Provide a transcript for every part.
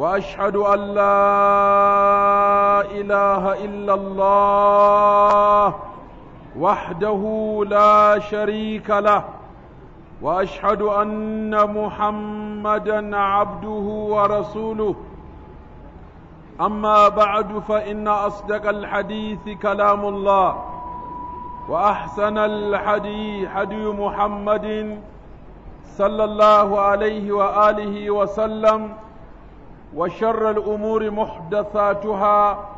واشهد ان لا اله الا الله وحده لا شريك له واشهد ان محمدا عبده ورسوله اما بعد فان اصدق الحديث كلام الله واحسن الحدي حدي محمد صلى الله عليه واله وسلم وشر الأمور محدثاتها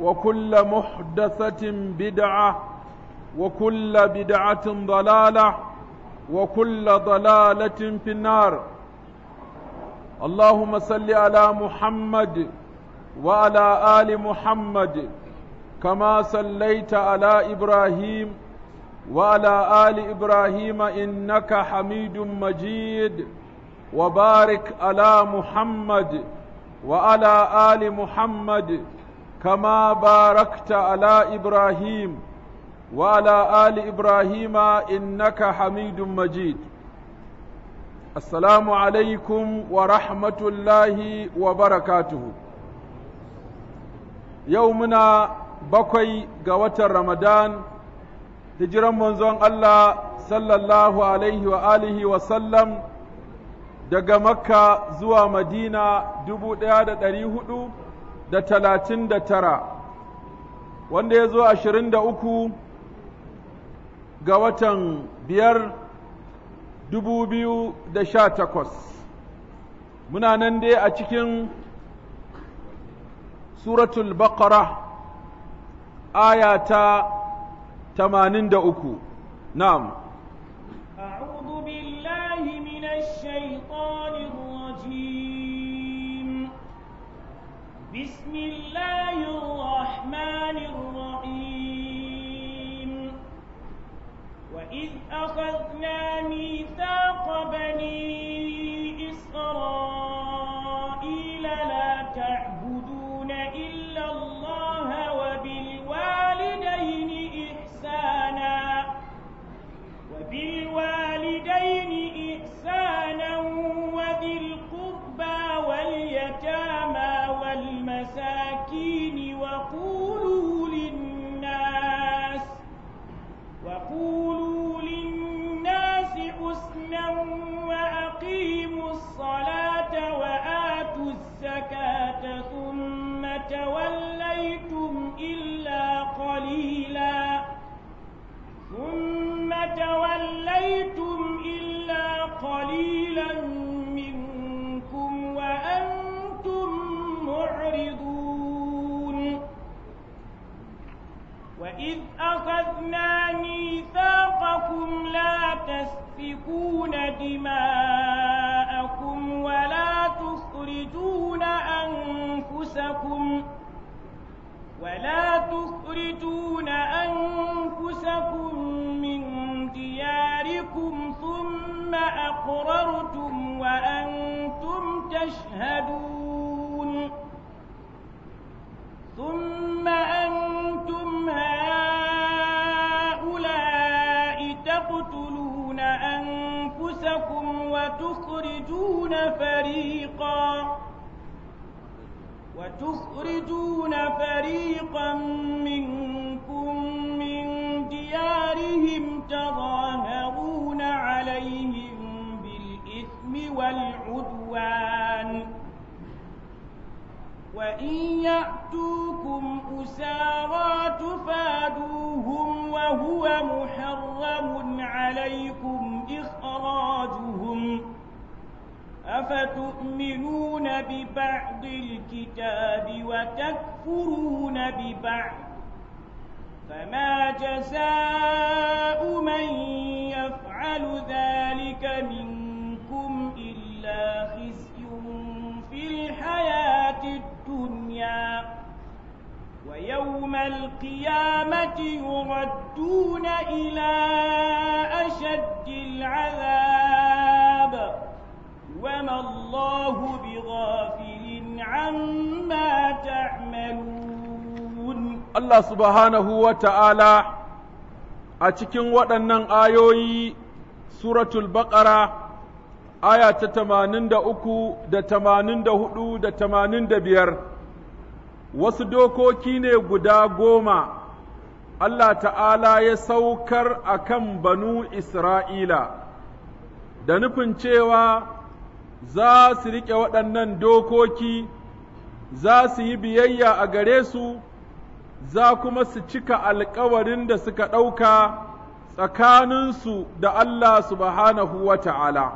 وكل محدثة بدعة وكل بدعة ضلالة وكل ضلالة في النار اللهم صل على محمد وعلى آل محمد كما صليت على إبراهيم وعلى آل إبراهيم إنك حميد مجيد وبارك على محمد وعلى آل محمد كما باركت على إبراهيم وعلى آل إبراهيم إنك حميد مجيد السلام عليكم ورحمة الله وبركاته يومنا بقي قوة رمضان hijiran manzon Allah sallallahu alaihi wa alihi wa sallam daga makka zuwa madina dubu ɗaya da ɗari hudu da talatin da tara wanda ya zo ashirin da uku ga watan biyar dubu biyu da sha takwas muna nan dai a cikin suratul baqara aya ta tamanin da uku na'am ولا تخرجون أنفسكم من دياركم ثم أقررتم وأنتم تشهدون ثم أنتم هؤلاء تقتلون أنفسكم وتخرجون فريقاً وتخرجون فريقا منكم من ديارهم تظاهرون عليهم بالإثم والعدوان وإن يأتوكم أسارى تفادوهم وهو محرم عليكم إخراجهم أفتؤمنون ببعض الكتاب وتكفرون ببعض فما جزاء من يفعل ذلك منكم إلا خزي في الحياة الدنيا ويوم القيامة يردون إلى أشد العذاب وما الله بغافل عما تعملون الله سبحانه وتعالى أتكين ودنن آيوي سورة البقرة آية ta دا أكو دا da دا هدو دا da دا بير biyar wasu dokoki ne guda goma Allah ta'ala ya saukar a kan banu Isra'ila da nufin cewa za su riƙe waɗannan dokoki, za su yi biyayya a gare su, za kuma su cika alƙawarin da suka ɗauka tsakaninsu da Allah subhanahu wa ta'ala.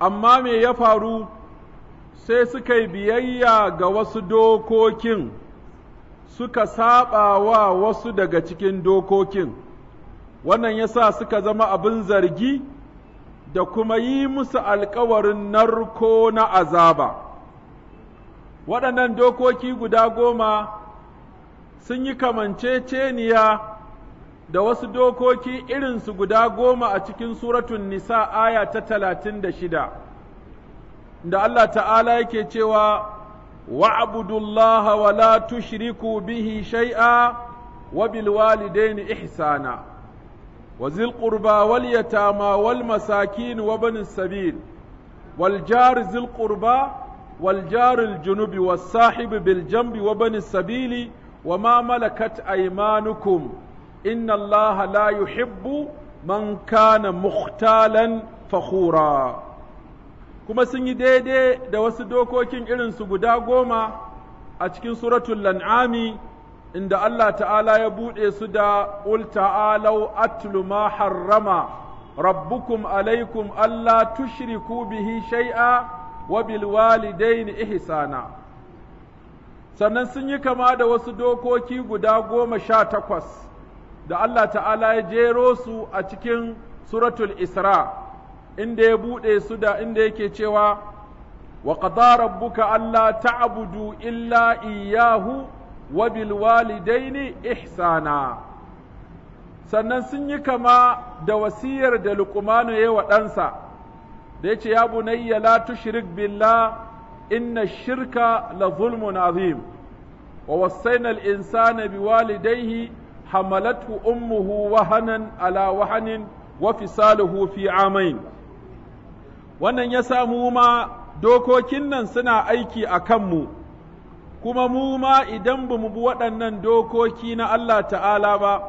Amma me ya faru, sai suka yi biyayya ga wasu dokokin, suka saɓa wa wasu daga cikin dokokin, wannan ya sa suka zama abin zargi. da kuma yi musu alkawarin narko na azaba. Waɗannan dokoki guda goma sun yi kamanceceniya da wasu dokoki irinsu guda goma a cikin suratun Nisa aya ta talatin da shida, da Allah ta'ala yake cewa, Wa'abudullaha wa la tushriku bihi shai'a wa bilwalidaini ihsana. وذي القربى واليتامى والمساكين وابن السبيل والجار ذي القربى والجار الجنوب والصاحب بالجنب وابن السبيل وما ملكت أيمانكم إن الله لا يحب من كان مختالا فخورا kuma sun yi daidai da wasu dokokin irinsu guda goma a cikin suratul lan'ami inda Allah ta'ala ya buɗe su da ul atlu ma harrama rabbukum alaikum Allah tushriku bihi shay'a wa bil walidaini ihsana sannan sun yi kama da wasu dokoki guda goma sha takwas da Allah ta'ala ya jero su a cikin suratul isra inda ya buɗe su da inda yake cewa wa qadara rabbuka alla ta'budu illa iyyahu wa bil walidaini ihsana sannan sun yi kama da wasiyar da Luqmanu ya wa ɗansa da yace ya bunayya la tushrik billah inna shirka la zulmun azim wa wasaina al insana bi walidayhi hamalathu ummuhu wahanan ala wahanin wa fisaluhu fi amain wannan ya samu ma dokokin nan suna aiki a kanmu kuma mu ma idan ba mu bi waɗannan dokoki na Allah ta'ala ba,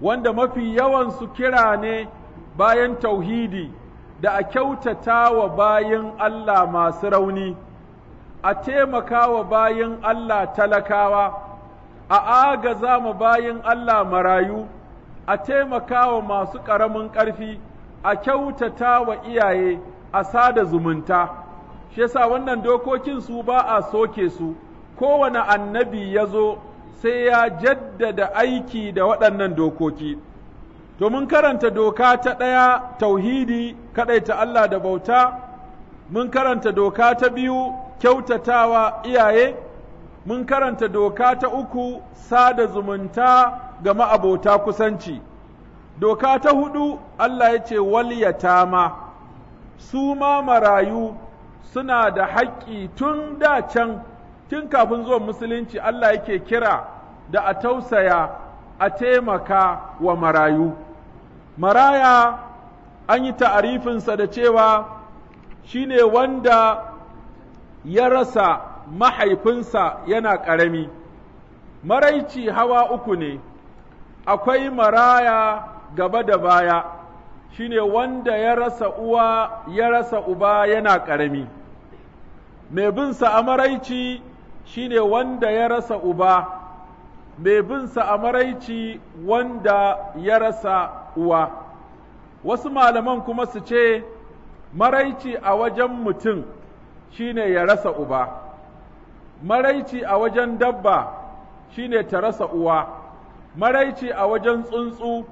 wanda mafi yawansu kira ne bayan tauhidi da a kyautata wa bayan Allah masu rauni, a taimaka wa bayan Allah talakawa, a agaza ma bayan Allah marayu, a taimaka wa masu ƙaramin ƙarfi, a kyautata wa iyaye, a sada zumunta, shi yasa wannan dokokin su ba a soke su. kowane annabi ya zo sai ya jaddada aiki da waɗannan dokoki. To mun karanta doka ta ɗaya tauhidi kaɗaita Allah da bauta, mun karanta doka ta biyu kyautatawa iyaye, mun karanta doka ta uku sada zumunta ga ma'abota kusanci. Doka ta huɗu, Allah ya ce ma su ma marayu suna da haƙƙi tun da can tun kafin zuwan musulunci Allah yake kira da a tausaya a taimaka wa marayu maraya an yi ta'arifinsa da cewa shi ne wanda ya rasa mahaifinsa yana ƙarami maraici hawa uku ne akwai maraya gaba da baya shi ne wanda ya rasa uwa ya rasa uba yana ƙarami mai binsa a maraici Shi ne wanda ya rasa uba mai binsa a maraici wanda ya rasa uwa wasu malaman kuma su ce maraici a wajen mutum shi ne ya rasa uba maraici a wajen dabba shi ne ta rasa uwa maraici a wajen tsuntsu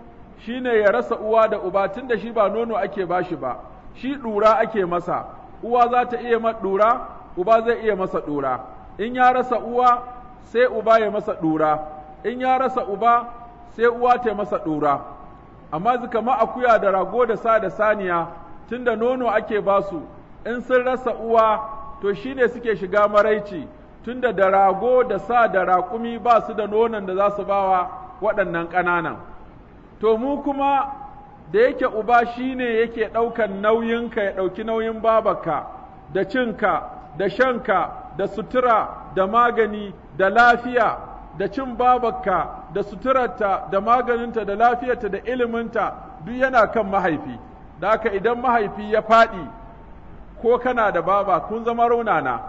shi ne ya rasa uwa da uba tunda shi ba nono ake bashi ba shi ɗura ake masa uwa za ta iya ɗura uba zai iya masa ɗura in ya rasa uwa sai uba ya masa ɗura in ya rasa uba sai uwa ta masa ɗura amma zuka ma akuya da rago da sa da saniya tunda nono ake su in sun rasa uwa to shine suke shiga maraici tunda da rago da sa da raƙumi ba su da nonon da za su ba wa waɗannan ƙananan to mu kuma da yake uba shine yake ɗaukan nauyinka ya ɗauki nauyin babarka da cinka da shanka da sutura da magani da lafiya da cin babakka da suturarta da maganinta da lafiyarta da iliminta duk yana kan mahaifi da haka idan mahaifi ya faɗi ko kana da baba kun zama raunana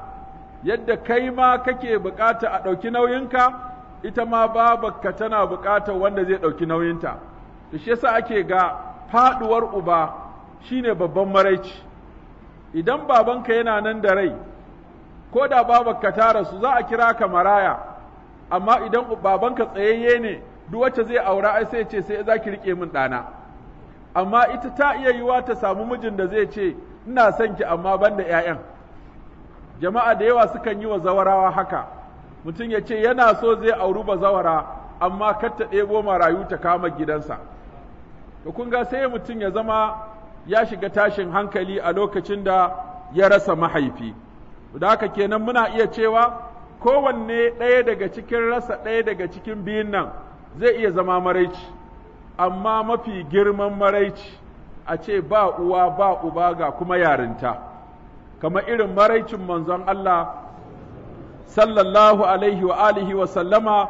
yadda kai ma kake bukata a ɗauki nauyinka ita ma babakka tana bukatar wanda zai ɗauki nauyinta to shi yasa ake ga faɗuwar uba shine babban maraici idan babanka yana nan da rai ko da ka tara su, za a kira ka maraya amma idan babanka tsayayye ne duk wacce zai aura ai sai ce sai za ki rike min ɗana amma ita ta iya yiwa ta samu mijin da zai ce ina son ki amma ban da ƴaƴan jama'a da yawa sukan yi wa zawarawa haka mutum ya ce yana so zai auri ba zawara amma kar ta ɗebo marayu ta kama gidansa to kun ga sai mutum ya zama ya shiga tashin hankali a lokacin da ya rasa mahaifi da haka kenan muna iya cewa kowanne ɗaya daga cikin rasa ɗaya daga cikin biyun nan zai iya zama maraici amma mafi girman maraici a ce ba uwa ba uba ga kuma yarinta kama irin maraicin manzon Allah sallallahu alaihi wa alihi wa sallama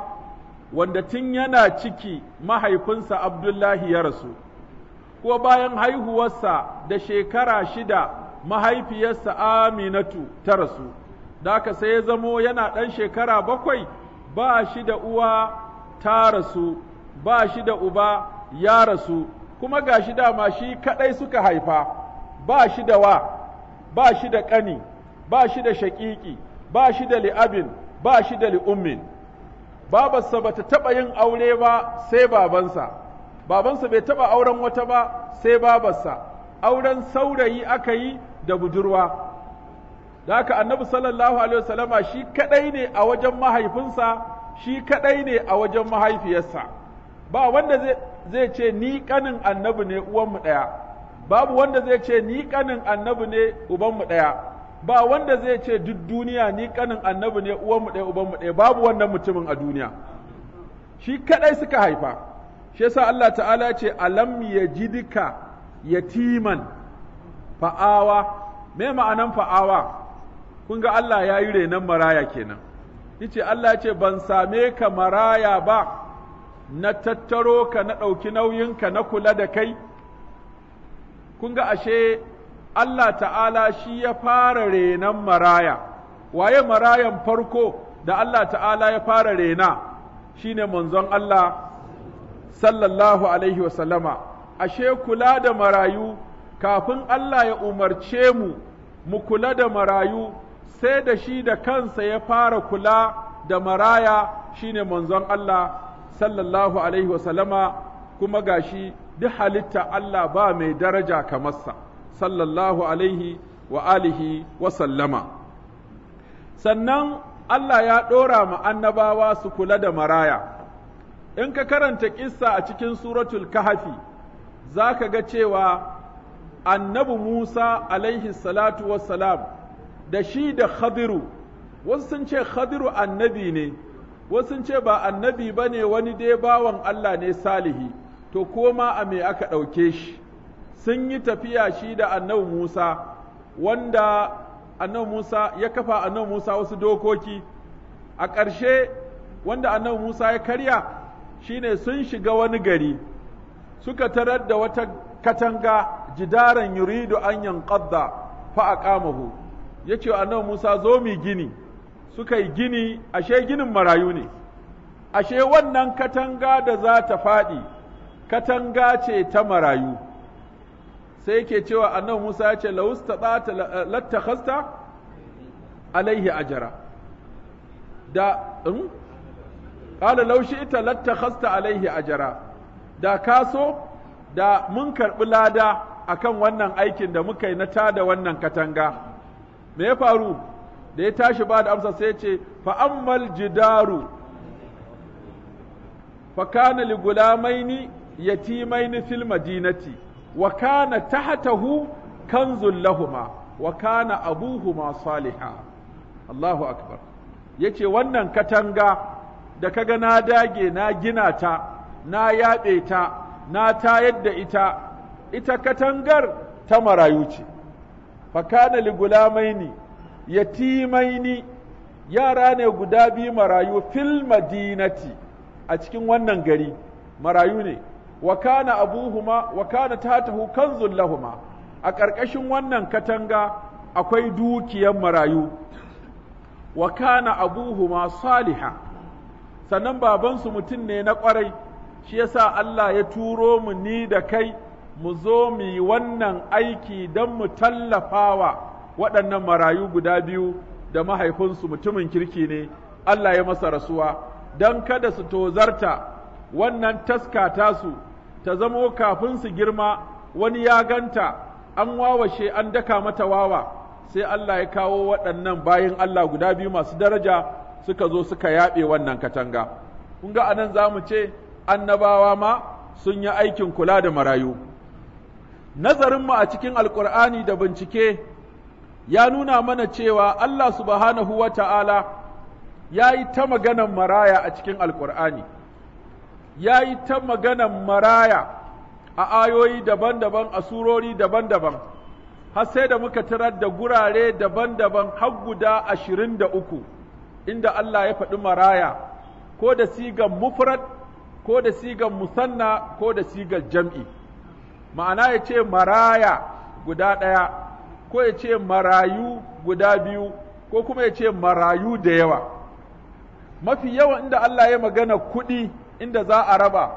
wanda tun yana ciki mahaifinsa Abdullahi ya rasu ko bayan haihuwarsa da shekara shida mahaifiyarsa Aminatu ta rasu, da aka sai ya zamo yana ɗan shekara bakwai ba shi da uwa ta rasu, ba shi da uba ya rasu, kuma ga shi dama shi kaɗai suka haifa, ba shi da wa, ba shi da ƙani, ba shi da shaƙiƙi, ba shi da li'abin, ba shi da li'ummin. Babarsa ba ta taɓa yin aure ba sai babansa, babansa bai taɓa auren wata ba sai babarsa, auren saurayi aka yi da budurwa da haka annabi sallallahu alaihi wasallama shi kadai ne a wajen mahaifinsa shi kadai ne a wajen mahaifiyarsa ba wanda zai ce ni kanin annabi ne uwanmu daya babu wanda zai ce ni kanin annabi ne ubanmu daya ba wanda zai ce duk duniya ni kanin annabi ne uwanmu daya ubanmu daya babu wannan mutumin a duniya shi kadai suka haifa shi yasa Allah ta'ala ce alam yajidika yatiman fa'awa me ma'anan fa'awa kun ga Allah ya yi renon maraya kenan yace Allah ce ban same ka maraya ba na tattaro ka na ɗauki nauyinka na kula da kai kun ga ashe Allah ta'ala shi ya fara renon maraya waye marayan farko da Allah ta'ala ya fara rena shine manzon Allah sallallahu alaihi wasallama ashe kula da marayu kafin Allah ya umarce mu mu kula da marayu sai da shi da kansa ya fara kula da maraya shine manzon Allah sallallahu alaihi wasallama kuma gashi duk halitta Allah ba mai daraja kamarsa sallallahu alaihi wa alihi wa sallama sannan Allah ya ɗora ma annabawa su kula da maraya in ka karanta kissa a cikin suratul kahafi za ka ga cewa annabi Musa alaihi salatu wassalam da shi da Khadiru, wasu sun ce Khadiru annabi ne, wasu sun ce ba annabi ba ne wani dai bawan Allah ne salihi, to koma a me aka ɗauke shi, sun yi tafiya shi da annabi Musa, wanda annabi Musa ya kafa annabi Musa wasu dokoki, a ƙarshe wanda annabi Musa ya karya shi ne sun shiga wani gari, suka tarar da wata katanga. jidaran yuridu an yanqadda fa aqamahu yace annabi Musa zo mi gini suka yi gini ashe ginin marayu ne ashe wannan katanga da za ta faɗi katanga ce ta marayu sai yake cewa annabi Musa ya ce laustata lattakhasta alaihi ajra da in hmm? qala law shi'ta lattakhasta alaihi ajra da kaso da mun karɓi lada akan wannan aikin da muka yi na tada wannan katanga me ya faru da ya tashi ba da amsa sai ce fa'ammal jidaru fa kana li gulamaini yatimaini fil madinati wa kana tahtahu kanzul lahuma wa kana abuhuma saliha Allahu akbar yace wannan katanga da kaga na dage na gina ta na yaɓe ta na tayar da ita ita katangar ta marayu ce fakana li gulamaini yatimaini yara ne guda biyu marayu fil madinati a cikin wannan gari marayu ne Wakana kana abuhuma wa kana tatahu kanzul lahuma a ƙarƙashin wannan katanga akwai dukiyan marayu Wakana abuhuma saliha sannan babansu mutum ne na ƙwarai shi yasa Allah ya turo mu ni da kai mu zo mu yi wannan aiki don mu tallafawa waɗannan marayu guda biyu da mahaifinsu mutumin kirki ne, Allah ya masa rasuwa, don kada su tozarta wannan taska tasu ta zamo kafin su girma wani ya ganta an wawashe an daka mata wawa sai Allah ya kawo waɗannan bayan Allah guda biyu masu daraja suka zo suka yaɓe wannan katanga. Kun ga anan za mu ce annabawa ma sun yi aikin kula da marayu. nazarinmu a cikin alkur'ani da bincike ya nuna mana cewa Allah subhanahu wa ta'ala ya yi ta maganan maraya a cikin alkur'ani ya yi ta maganan maraya a ayoyi daban-daban a surori daban-daban har sai da muka tarar da gurare daban-daban har guda ashirin da uku inda Allah ya faɗi maraya ko da sigan mufrad ko da sigan musanna ko da sigan jam'i. ma'ana ya ce maraya guda ɗaya ko ya ce marayu guda biyu ko kuma ya ce marayu da yawa mafi yawan inda Allah ya magana kuɗi inda za a raba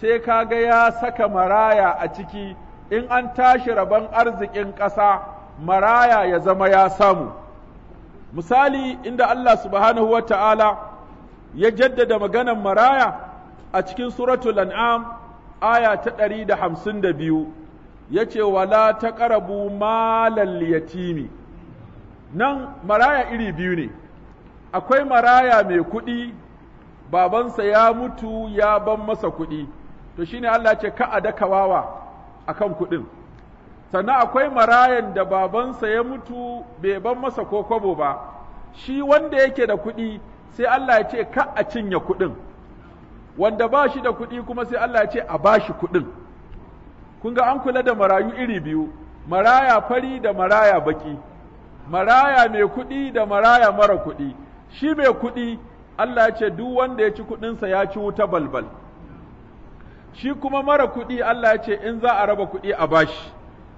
sai kaga ya saka maraya a ciki in an tashi rabon arzikin ƙasa maraya ya zama ya samu misali inda Allah subhanahu wa ta'ala ya jaddada maganan maraya a cikin suratul an'am aya ta ɗari da hamsin da biyu ya ce wala ta ƙarabu malal yatimi nan maraya iri biyu ne akwai maraya mai kuɗi babansa ya mutu ya ban masa kuɗi to shi ne Allah ce ka a daka wawa kan kuɗin sannan akwai marayan da babansa ya mutu bai ban masa ko ba shi wanda yake da kuɗi sai Allah ya ce ka a cinye kuɗin wanda ba shi da kuɗi kuma sai Allah ya ce a ba shi kuɗin kun ga an kula da marayu iri biyu maraya fari da maraya baƙi, maraya mai kuɗi da maraya mara kuɗi shi mai kuɗi Allah ya ce duk wanda ya ci kuɗinsa ya ci wuta balbal shi kuma mara kuɗi Allah ya ce in za a raba kuɗi a ba shi.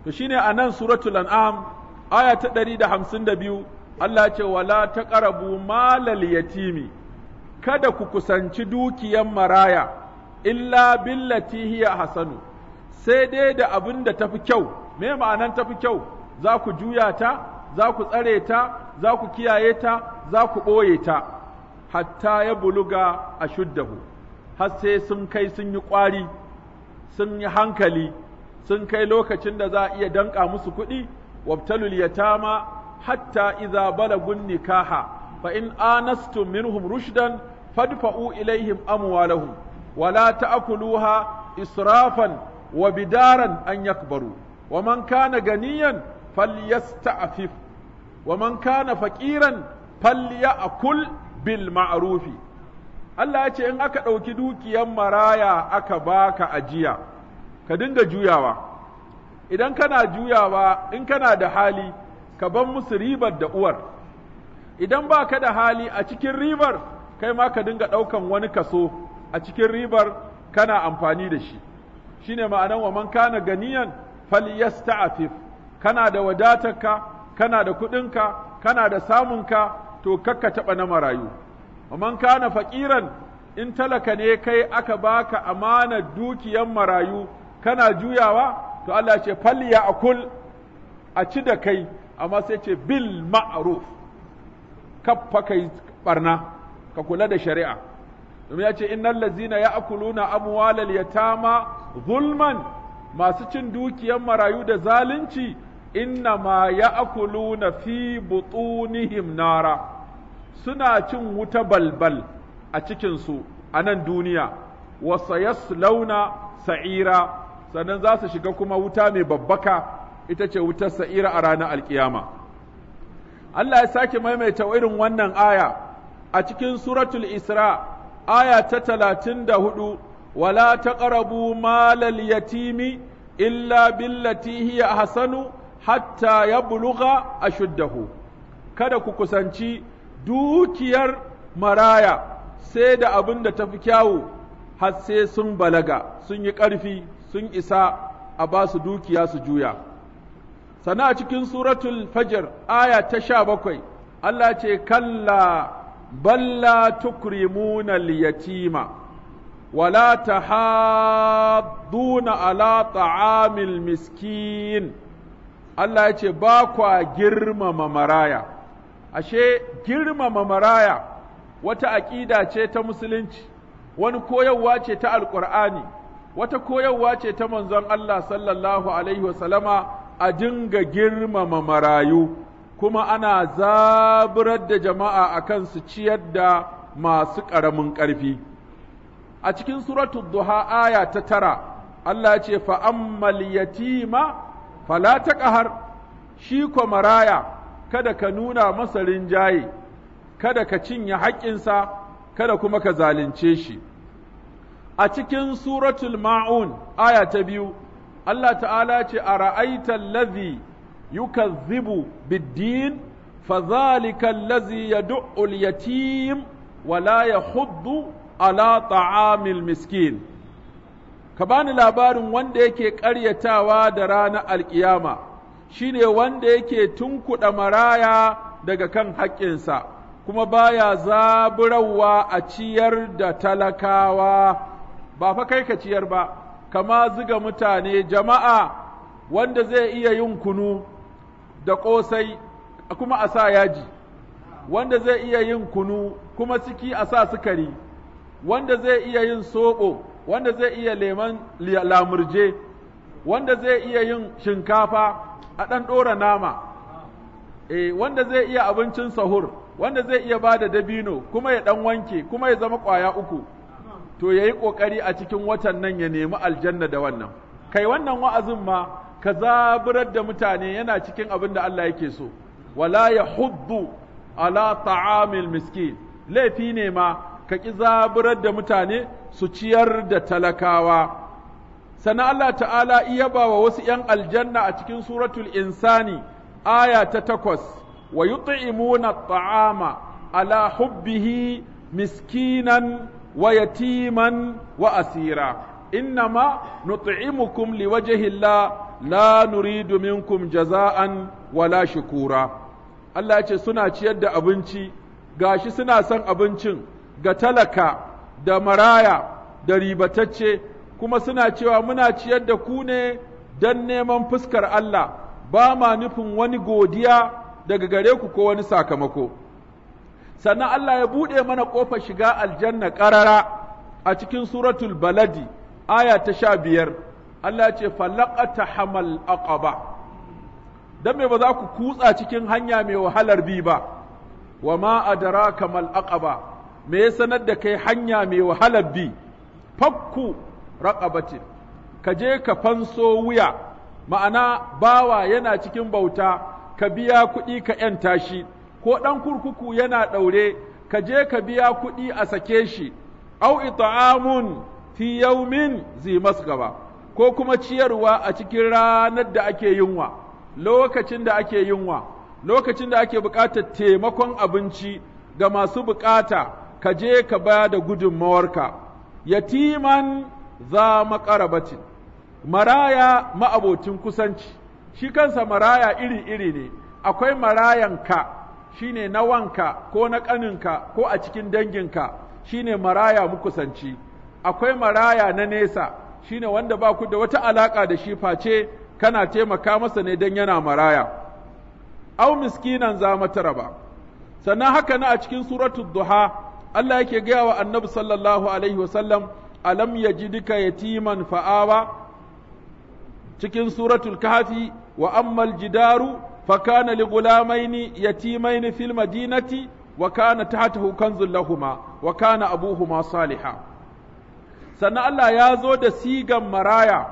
to shi shine a nan suratul an'am aya ta biyu, Allah ya ce wala ta ƙarabu malal yatimi kada ku kusanci dukiyan maraya illa billati hiya hasanu sai dai da abin da tafi kyau me ma'anan tafi kyau za ku juya ta za ku tsare ta za ku kiyaye ta za ku ɓoye ta hatta ya buluga a shuddahu har sai sun kai sun yi ƙwari sun yi hankali sun kai lokacin da za a iya danƙa musu kuɗi wabtalul yatama hatta iza balagun nikaha fa in anastum minhum rushdan fadfa'u ilaihim amwalahum wa la ta'kuluha israfan Wabidaran bidaran an yakbaru wa man kana ganiyan falyasta'fif wa man kana faqiran falyakul bil ma'arufi? Allah ce in aka ɗauki dukiyan maraya aka baka ajiya ka dinga juyawa idan kana juyawa in kana da hali ka ban musu ribar da uwar idan ba ka da hali a cikin ribar kai ma ka dinga ɗaukan wani kaso a cikin ribar kana amfani da shi shine ma'anan wa man kana ganiyan falyasta'fif kana da wadatarka kana da kuɗinka kana da samunka to kakka taɓa na marayu wa man kana faƙiran in talaka ne kai aka baka amanar dukiyan marayu kana juyawa to Allah ce falya akul a ci da kai amma sai ce bil ma'ruf kaffa kai barna ka kula da shari'a domin ya ce innal ladzina ya'kuluna amwalal yatama zulman masu cin dukiyar marayu da zalunci inna ma ya'kuluna fi butunihim nara suna cin wuta balbal a cikin su a nan duniya wa sayaslawna sa'ira sannan za su shiga kuma wuta mai babbaka ita ce wutar sa'ira a ranar alkiyama Allah ya sake maimaita irin wannan aya a cikin suratul Isra aya ta talatin da hudu wala ta taqrabu malal yatimi illa billati hiya ahsanu hatta yablugha ashuddahu kada ku kusanci dukiyar maraya sai da abin da tafi kyawu har sai sun balaga sun yi ƙarfi sun isa a ba su dukiya su juya sana a cikin suratul Fajar aya ta sha bakwai Allah ce kalla balla tukrimuna liyatima wala ta haduna ala ta'amil miskin Allah ya ce ba kwa girmama maraya ashe girmama maraya wata aƙida ce ta musulunci wani koyarwa ce ta alƙur'ani wata koyarwa ce ta manzon Allah sallallahu alaihi wasallama a dinga girmama marayu kuma ana zaburar da jama'a akan su ciyar da masu ƙaramin ƙarfi a cikin suratul duha aya ta tara Allah ce fa'ammal yatima fala ta ƙahar shi ko maraya kada ka nuna masa rinjaye kada ka cinye haƙƙinsa kada kuma ka zalunce shi a cikin suratul ma'un aya ta biyu Allah ta'ala ce a ra'aitan lazi yukazzibu biddin fazalikan lazi ya du'ul yatim wala ya huddu ala ta'amil miskin ka bani labarin wanda yake ƙaryatawa da ranar alƙiyama shine wanda yake tunkuɗa maraya daga kan haƙƙinsa kuma baya zaburawa a ciyar da talakawa ba fa kai ka ciyar ba kama zuga mutane jama'a wanda zai iya yin kunu da ƙosai kuma a sa yaji, wanda zai iya yin kunu kuma ciki a sa sukari, wanda zai iya yin soɓo, wanda zai iya leman lamurje, wanda zai iya yin shinkafa a ɗan ɗora nama, e, wanda zai iya abincin sahur, wanda zai iya ba da dabino kuma ya ɗan wanke kuma ya zama ƙwaya uku. to ya yi ƙoƙari a cikin watan nan ya nemi aljanna da wannan kai wannan wa'azin ma ka zaburar da mutane yana cikin abin da Allah yake so wala ya huddu ala ta'amil miskin laifi ne ma ka ƙi zaburar da mutane su ciyar da talakawa sana Allah ta'ala iya ba wa wasu ‘yan aljanna a cikin suratul insani aya ta takwas wa yut'imuna ta'ama ala hubbihi miskinan wa yatiman wa asira innama nut'imukum liwajhillah la nuridu minkum jaza'an wala shukura Allah ya ce suna ciyar da abinci gashi suna son abincin ga talaka da maraya da ribatacce kuma suna cewa muna ciyar da ku ne don neman fuskar Allah ba ma nufin wani godiya daga gare ku ko wani sakamako sannan Allah ya buɗe mana ƙofar shiga aljanna ƙarara a cikin suratul baladi aya ta sha biyar Allah ce ta hamal aqaba Don me ba za ku kutsa cikin hanya mai wahalar bi ba wa ma adraka mal aqaba me ya sanar da kai hanya mai wahalar bi fakku raƙabati ka je ka fanso wuya ma'ana bawa yana cikin bauta ka biya kuɗi ka ‘yanta shi’ ko ɗan kurkuku yana ɗaure, ka je ka biya kuɗi a sake shi, au ita'amun fi yaumin zi gaba, ko kuma ciyarwa a cikin ranar da ake yunwa, lokacin da ake yunwa, lokacin da ake buƙatar taimakon abinci ga masu buƙata, ka je ka ba da gudunmawarka, yatiman za maƙarabatin, maraya ma'abocin kusanci, shi kansa maraya iri-iri ne, akwai marayanka. shine na wanka ko na ƙaninka ko a cikin danginka shine maraya mukusanci akwai maraya na nesa shine wanda ba ku da wata alaƙa da shi face kana taimaka masa ne don yana maraya au miskinan za ba. sannan haka na a cikin suratul duha Allah yake gaya wa annabi sallallahu alaihi wasallam alam yajidika yatiman fa'awa cikin suratul kahfi wa ammal jidaru fakana ligula gulamaini yatimaini fil madinati wa kana tahtahu kanzul lahuma wa abuhuma saliha sannan Allah ya zo da sigan maraya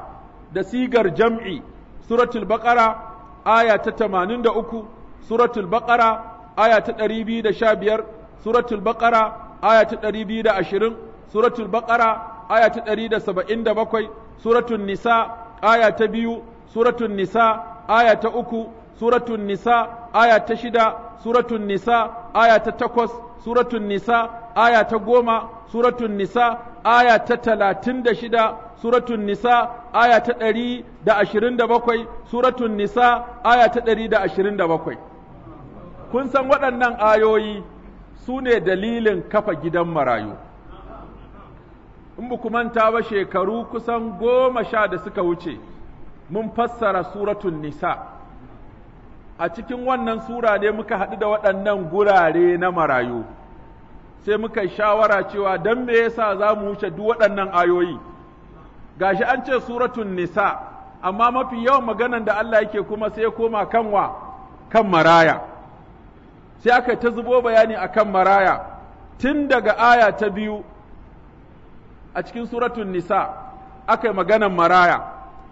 da sigar jam'i suratul baqara aya ta 83 suratul baqara aya ta 215 suratul baqara aya ta 220 suratul baqara aya ta 177 suratul nisa aya ta biyu suratul nisa aya ta uku suratun nisa aya ta shida suratun nisa aya ta takwas suratun nisa aya ta goma suratun nisa aya ta talatin da shida suratun nisa aya ta ɗari da ashirin da bakwai suratun nisa aya ta ɗari da ashirin da bakwai kun san waɗannan ayoyi su ne dalilin kafa gidan marayu in buku manta ba shekaru kusan goma sha da suka wuce mun fassara suratun nisa a cikin wannan sura ne muka haɗu da waɗannan gurare na marayu sai muka shawara cewa don me yasa za mu wuce duk waɗannan ayoyi gashi an ce suratun nisa amma mafi yawan maganan da Allah yake kuma sai ya koma kanwa kan maraya sai aka ta zubo bayani akan maraya tun daga aya ta biyu a cikin suratun nisa aka yi maganan maraya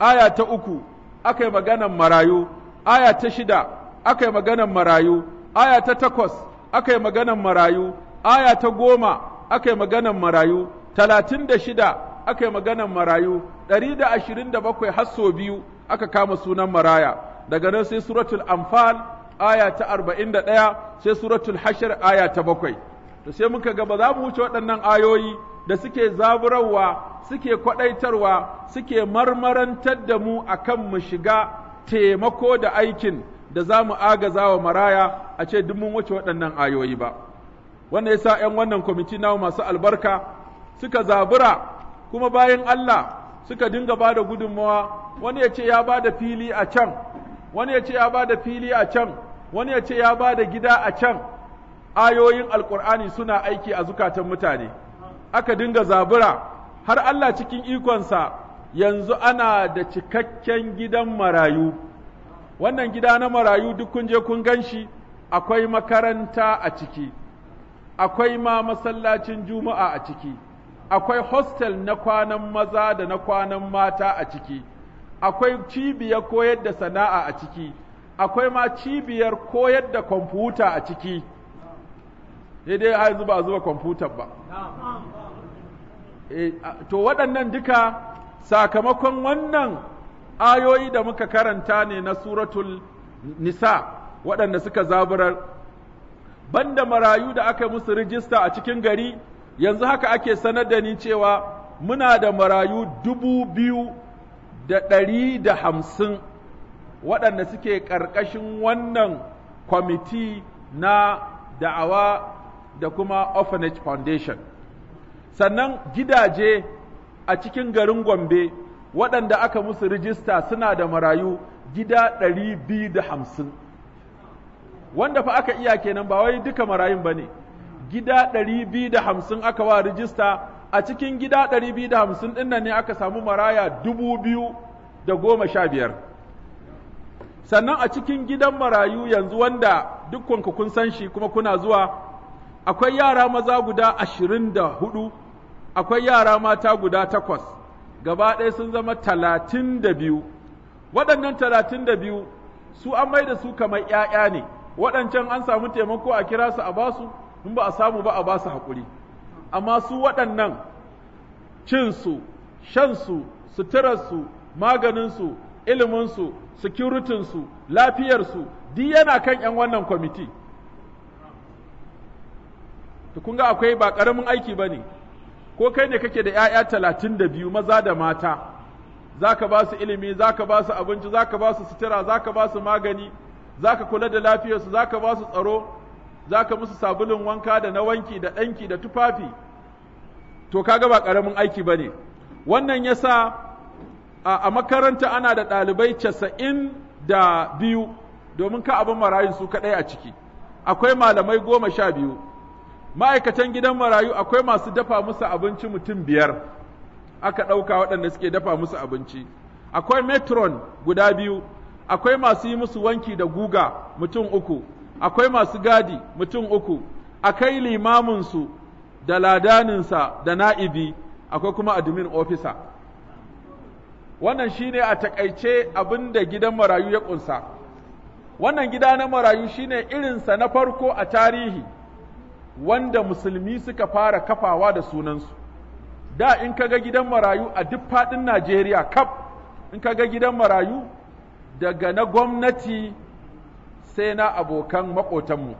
aya ta uku aka yi maganan marayu aya ta shida aka yi maganan marayu, aya ta takwas aka yi maganan marayu, aya ta goma aka yi maganan marayu, talatin da shida aka yi maganan marayu, ɗari da ashirin da bakwai hasso biyu aka kama sunan maraya, daga nan sai suratul amfal aya ta arba'in da ɗaya sai suratul hashar aya ta bakwai. To sai muka ga ba za mu wuce waɗannan ayoyi da suke zaburarwa, suke kwaɗaitarwa, suke marmarantar da mu akan mu shiga taimako da aikin da za mu agaza wa maraya a ce duk mun wuce waɗannan ayoyi ba wannan sa 'yan wannan kwamiti na masu albarka suka zabura kuma bayan Allah suka dinga ba da gudunmawa wani ya ce ya ba da fili a can wani ya ce ya ba da fili a can wani ya ce ya ba da gida a can ayoyin alƙur'ani suna aiki a zukatan mutane aka dinga zabura har Allah cikin ikonsa yanzu ana da cikakken gidan marayu, wannan gida na marayu duk kun je kun gan shi akwai makaranta a ciki, akwai ma masallacin juma'a a ciki, akwai hostel na kwanan maza da na kwanan mata a ciki, akwai cibiyar koyar da sana'a a ciki, akwai ma cibiyar koyar da kwamfuta a ciki. Sai dai zuba zuba kwamfutar ba. Eh, to waɗannan duka sakamakon wannan ayoyi da muka karanta ne na suratul nisa waɗanda suka zaburar banda marayu da aka musu rijista a cikin gari yanzu haka ake sanar da ni cewa muna da marayu dubu biyu da ɗari da hamsin waɗanda suke ƙarƙashin wannan kwamiti na da'awa da kuma orphanage foundation sannan gidaje a cikin garin Gombe waɗanda aka musu rijista suna da marayu gida ɗari Wanda fa aka iya kenan ba wai duka marayun ba ne, gida ɗari aka wa rijista a cikin gida ɗari biyu ɗin nan ne aka samu maraya dubu biyu goma sha biyar. Sannan a cikin gidan marayu yanzu wanda dukkanku kun san shi kuma kuna zuwa, akwai yara maza guda ashirin hudu akwai yara mata guda takwas, gaba ɗaya sun zama talatin da biyu, waɗannan talatin da biyu su an mai da su kamar ‘ya'ya ne, waɗancan an samu taimako a kira su a basu, in ba a samu ba a basu haƙuri. Amma su waɗannan cinsu, shansu, suturarsu, maganinsu, iliminsu, sikuritinsu, lafiyarsu, di yana kan ‘yan wannan kwamiti. kun ga akwai ba ƙaramin aiki ba ne, ko kai ne kake da ‘ya'ya talatin da biyu maza da mata, za ka ba su ilimi, za ka ba su abinci, za ka ba su sutura, za ka ba su magani, za ka kula da lafiyarsu, za ka ba su tsaro, za ka musu sabulun wanka da na wanki da ɗanki da tufafi, to kaga ba ƙaramin aiki ba ne. Wannan ya sa a makaranta ana da ɗalibai casa'in da biyu domin ka abin marayun su kaɗai a ciki, akwai malamai goma sha biyu. ma'aikatan gidan marayu akwai masu dafa musu abinci mutum biyar aka ɗauka waɗanda suke dafa musu abinci akwai metron guda biyu akwai masu yi musu wanki da guga mutum uku akwai masu gadi mutum uku akai limaminsu da ladaninsa da na'ibi akwai kuma admin officer wannan shine a takaice abin da gidan marayu ya ƙunsa wannan gida na marayu shine irinsa na farko a tarihi wanda musulmi suka fara kafawa da sunansu da in ka ga gidan marayu a duk faɗin Najeriya kaf in ka ga gidan marayu daga na gwamnati sai na abokan maƙotanmu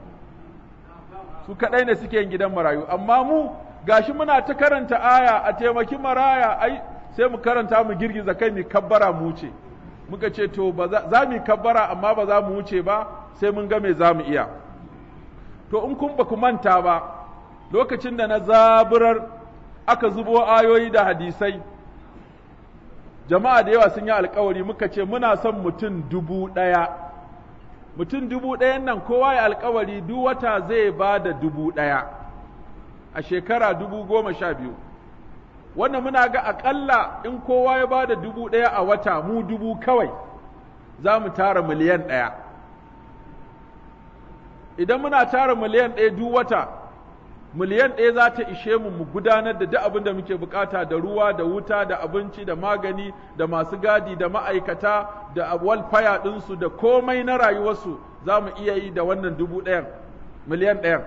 su kaɗai ne suke yin gidan marayu amma mu gashi muna ta karanta aya a taimaki maraya ai sai mu karanta mu girgiza kai mu kabbara mu wuce muka ce to za mu kabbara amma ba za mu wuce ba sai mun ga me za mu iya to in kun ba ku manta ba lokacin da na zaburar aka zubo ayoyi da hadisai jama'a da yawa sun yi alkawari muka ce muna son mutum dubu ɗaya mutum dubu ɗayan nan kowa ya alkawari duk wata zai ba da dubu ɗaya a shekara dubu goma sha biyu wannan muna ga aƙalla in kowa ya ba da dubu ɗaya a wata mu dubu kawai za mu tara miliyan ɗaya idan muna tara miliyan ɗaya duk wata miliyan ɗaya za ta ishe mu mu gudanar da duk abin da muke bukata da ruwa da wuta da abinci da magani da masu gadi da ma'aikata da walfaya ɗinsu da komai na rayuwarsu za mu iya yi da wannan dubu ɗayan miliyan ɗayan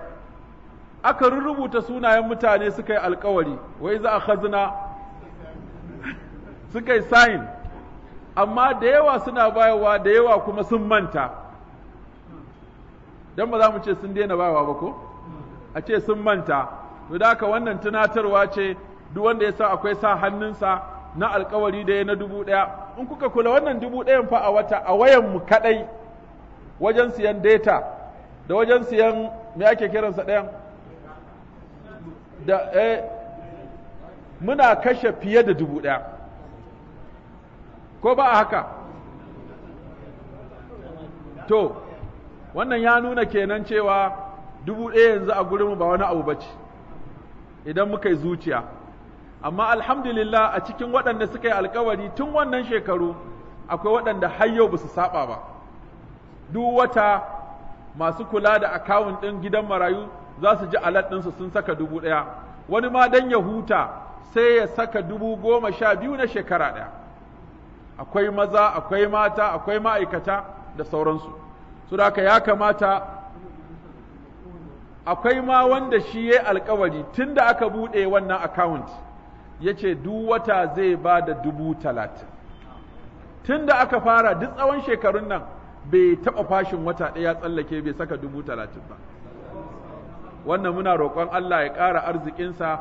aka rubuta sunayen mutane suka yi alkawari wai za a khazina suka yi sain amma da yawa suna bayarwa da yawa kuma sun manta dan ba za mu ce sun daina bawa ba ko a ce sun manta to da haka wannan tunatarwa ce duk wanda ya sa akwai sa hannunsa na alkawari da ya na dubu ɗaya in kuka kula wannan dubu ɗayan fa a wata a wayan mu kaɗai wajen siyan data da wajen siyan me ake kiransa ɗayan da eh muna kashe fiye da dubu ɗaya ko ba haka to wannan ya nuna kenan cewa dubu ɗaya yanzu a gurinmu ba wani abu ba bace idan muka yi zuciya amma alhamdulillah a cikin waɗanda suka yi alkawari tun wannan shekaru akwai waɗanda har yau ba su saba ba duk wata masu kula da akawun ɗin gidan marayu za su ji alat ɗinsu sun saka dubu ɗaya wani ma dan ya huta sai ya saka dubu goma sha biyu na shekara ɗaya akwai maza akwai mata akwai ma'aikata da sauransu suraka ya kamata akwai ma wanda shi ya alkawari tunda aka buɗe wannan account ya ce duk wata zai ba da dubu talatin tunda aka fara duk tsawon shekarun nan bai taɓa fashin wata ɗaya tsallake bai saka dubu talatin ba wannan muna roƙon Allah ya ƙara arzikinsa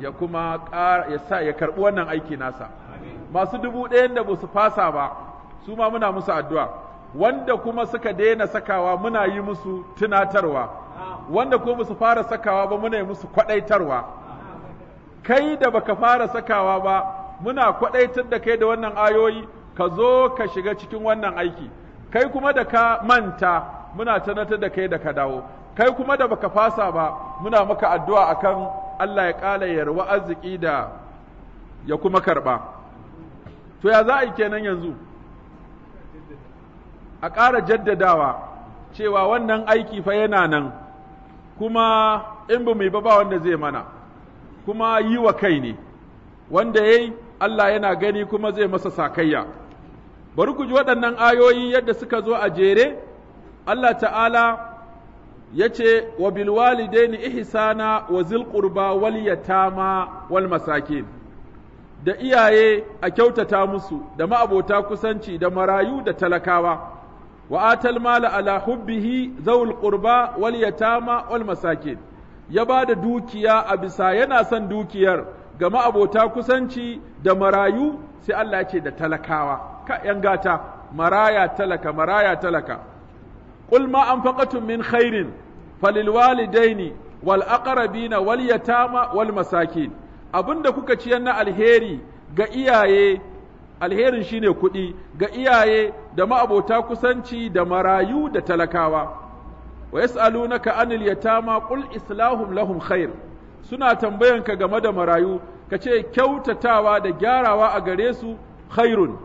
ya kuma ya ya karɓi wannan aiki nasa masu dubu ɗayan da ba su fasa ba su ma muna musu addu'a wanda kuma suka daina sakawa muna yi musu tunatarwa wanda kuma musu fara sakawa ba muna yi musu kwadaitarwa kai da baka fara sakawa ba muna kwadaitar da kai da wannan ayoyi ka zo ka shiga cikin wannan aiki kai kuma da ka manta muna tunatar da kai da ka dawo kai kuma da baka fasa ba muna maka addu'a akan Allah ya ƙala yarwa arziki da ya kuma karɓa. To ya za a yi kenan yanzu? a ƙara jaddadawa cewa wannan aiki fa yana nan kuma in ba mai ba ba wanda zai mana kuma yi wa kai ne wanda yayi Allah yana gani kuma zai masa sakayya bari ku ji waɗannan ayoyi yadda suka zo a jere Allah ta'ala ya ce wa bilwalidaini ihsana wa zil qurba wal yatama wal masakin da iyaye a kyautata musu da ma'abota kusanci da marayu da talakawa wa atal mala ala hubbihi zawul qurba wal yatama wal ya ba da dukiya a bisa yana son dukiyar ga ma'abota kusanci da marayu sai Allah ce da talakawa ka ‘yan gata maraya talaka maraya talaka qul ma anfaqatum min khairin falil walidaini wal aqrabina wal yatama wal masakin abinda kuka ciyar na alheri ga iyaye alherin shine kuɗi ga iyaye da ma'abota kusanci da marayu da talakawa wa yas'alunaka anil yatama qul islahum lahum khair suna tambayanka game da marayu kace kyautatawa da gyarawa a gare su khairun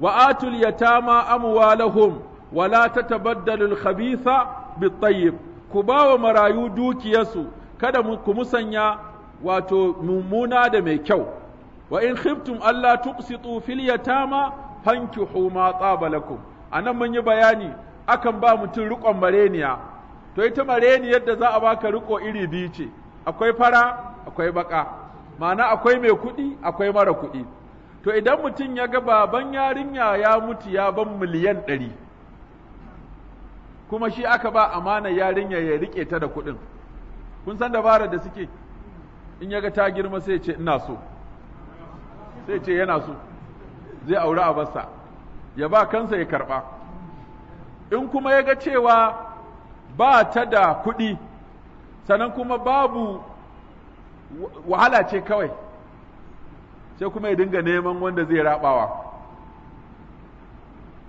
wa atul yatama amwalahum wa la tatabaddalu al khabitha bit tayyib ku bawa marayu dukiyarsu kada ku musanya wato mummuna da mai kyau wa in khiftum alla tuqsitu fil yatama Hanki huma tsaba A nan mun yi bayani akan ba mutum riƙon mareniya to ita mareniyar da za a baka riƙo iri biyu ce akwai fara akwai baka ma'ana akwai mai kuɗi akwai mara kuɗi to idan mutum ya ga baban yarinya ya mutu ya ban miliyan ɗari kuma shi aka ba amana yarinya ya riƙe ta da kuɗin kun san dabarar da suke in ya ga ta girma sai ce ina so sai ce yana so zai aure a basa ya ba kansa ya karɓa in kuma ya ga cewa ba ta da kuɗi sannan kuma babu wahala ce kawai sai kuma ya dinga neman wanda zai rabawa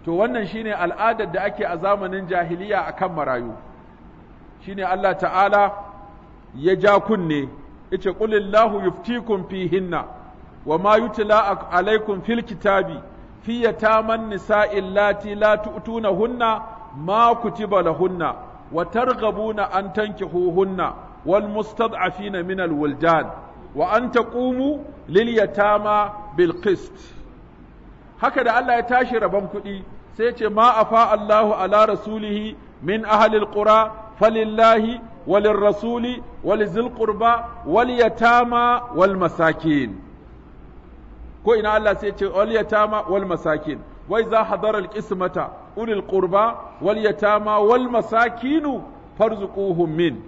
to wannan shine al'adar da ake a zamanin jahiliya akan marayu shine Allah ta'ala ya ja kunne yace qulillahu yuftikum hinna. wa ma yutla alaikum fil kitabi fi yataman nisa'i lati la hunna ma kutiba lahunna wa targhabuna an tankihuhunna wal mustad'afina na al wildan wa an taqumu lil yatama bil qist haka da Allah ya tashi rabon kuɗi sai ce ma a fa Allahu ala rasulihi min ahlil qura falillahi walirrasuli walizil qurba wal yatama wal masakin ko ina Allah sai ce wal yatama wal masakin wai za hadara al qismata ulil qurba wal yatama wal masakin farzuquhum min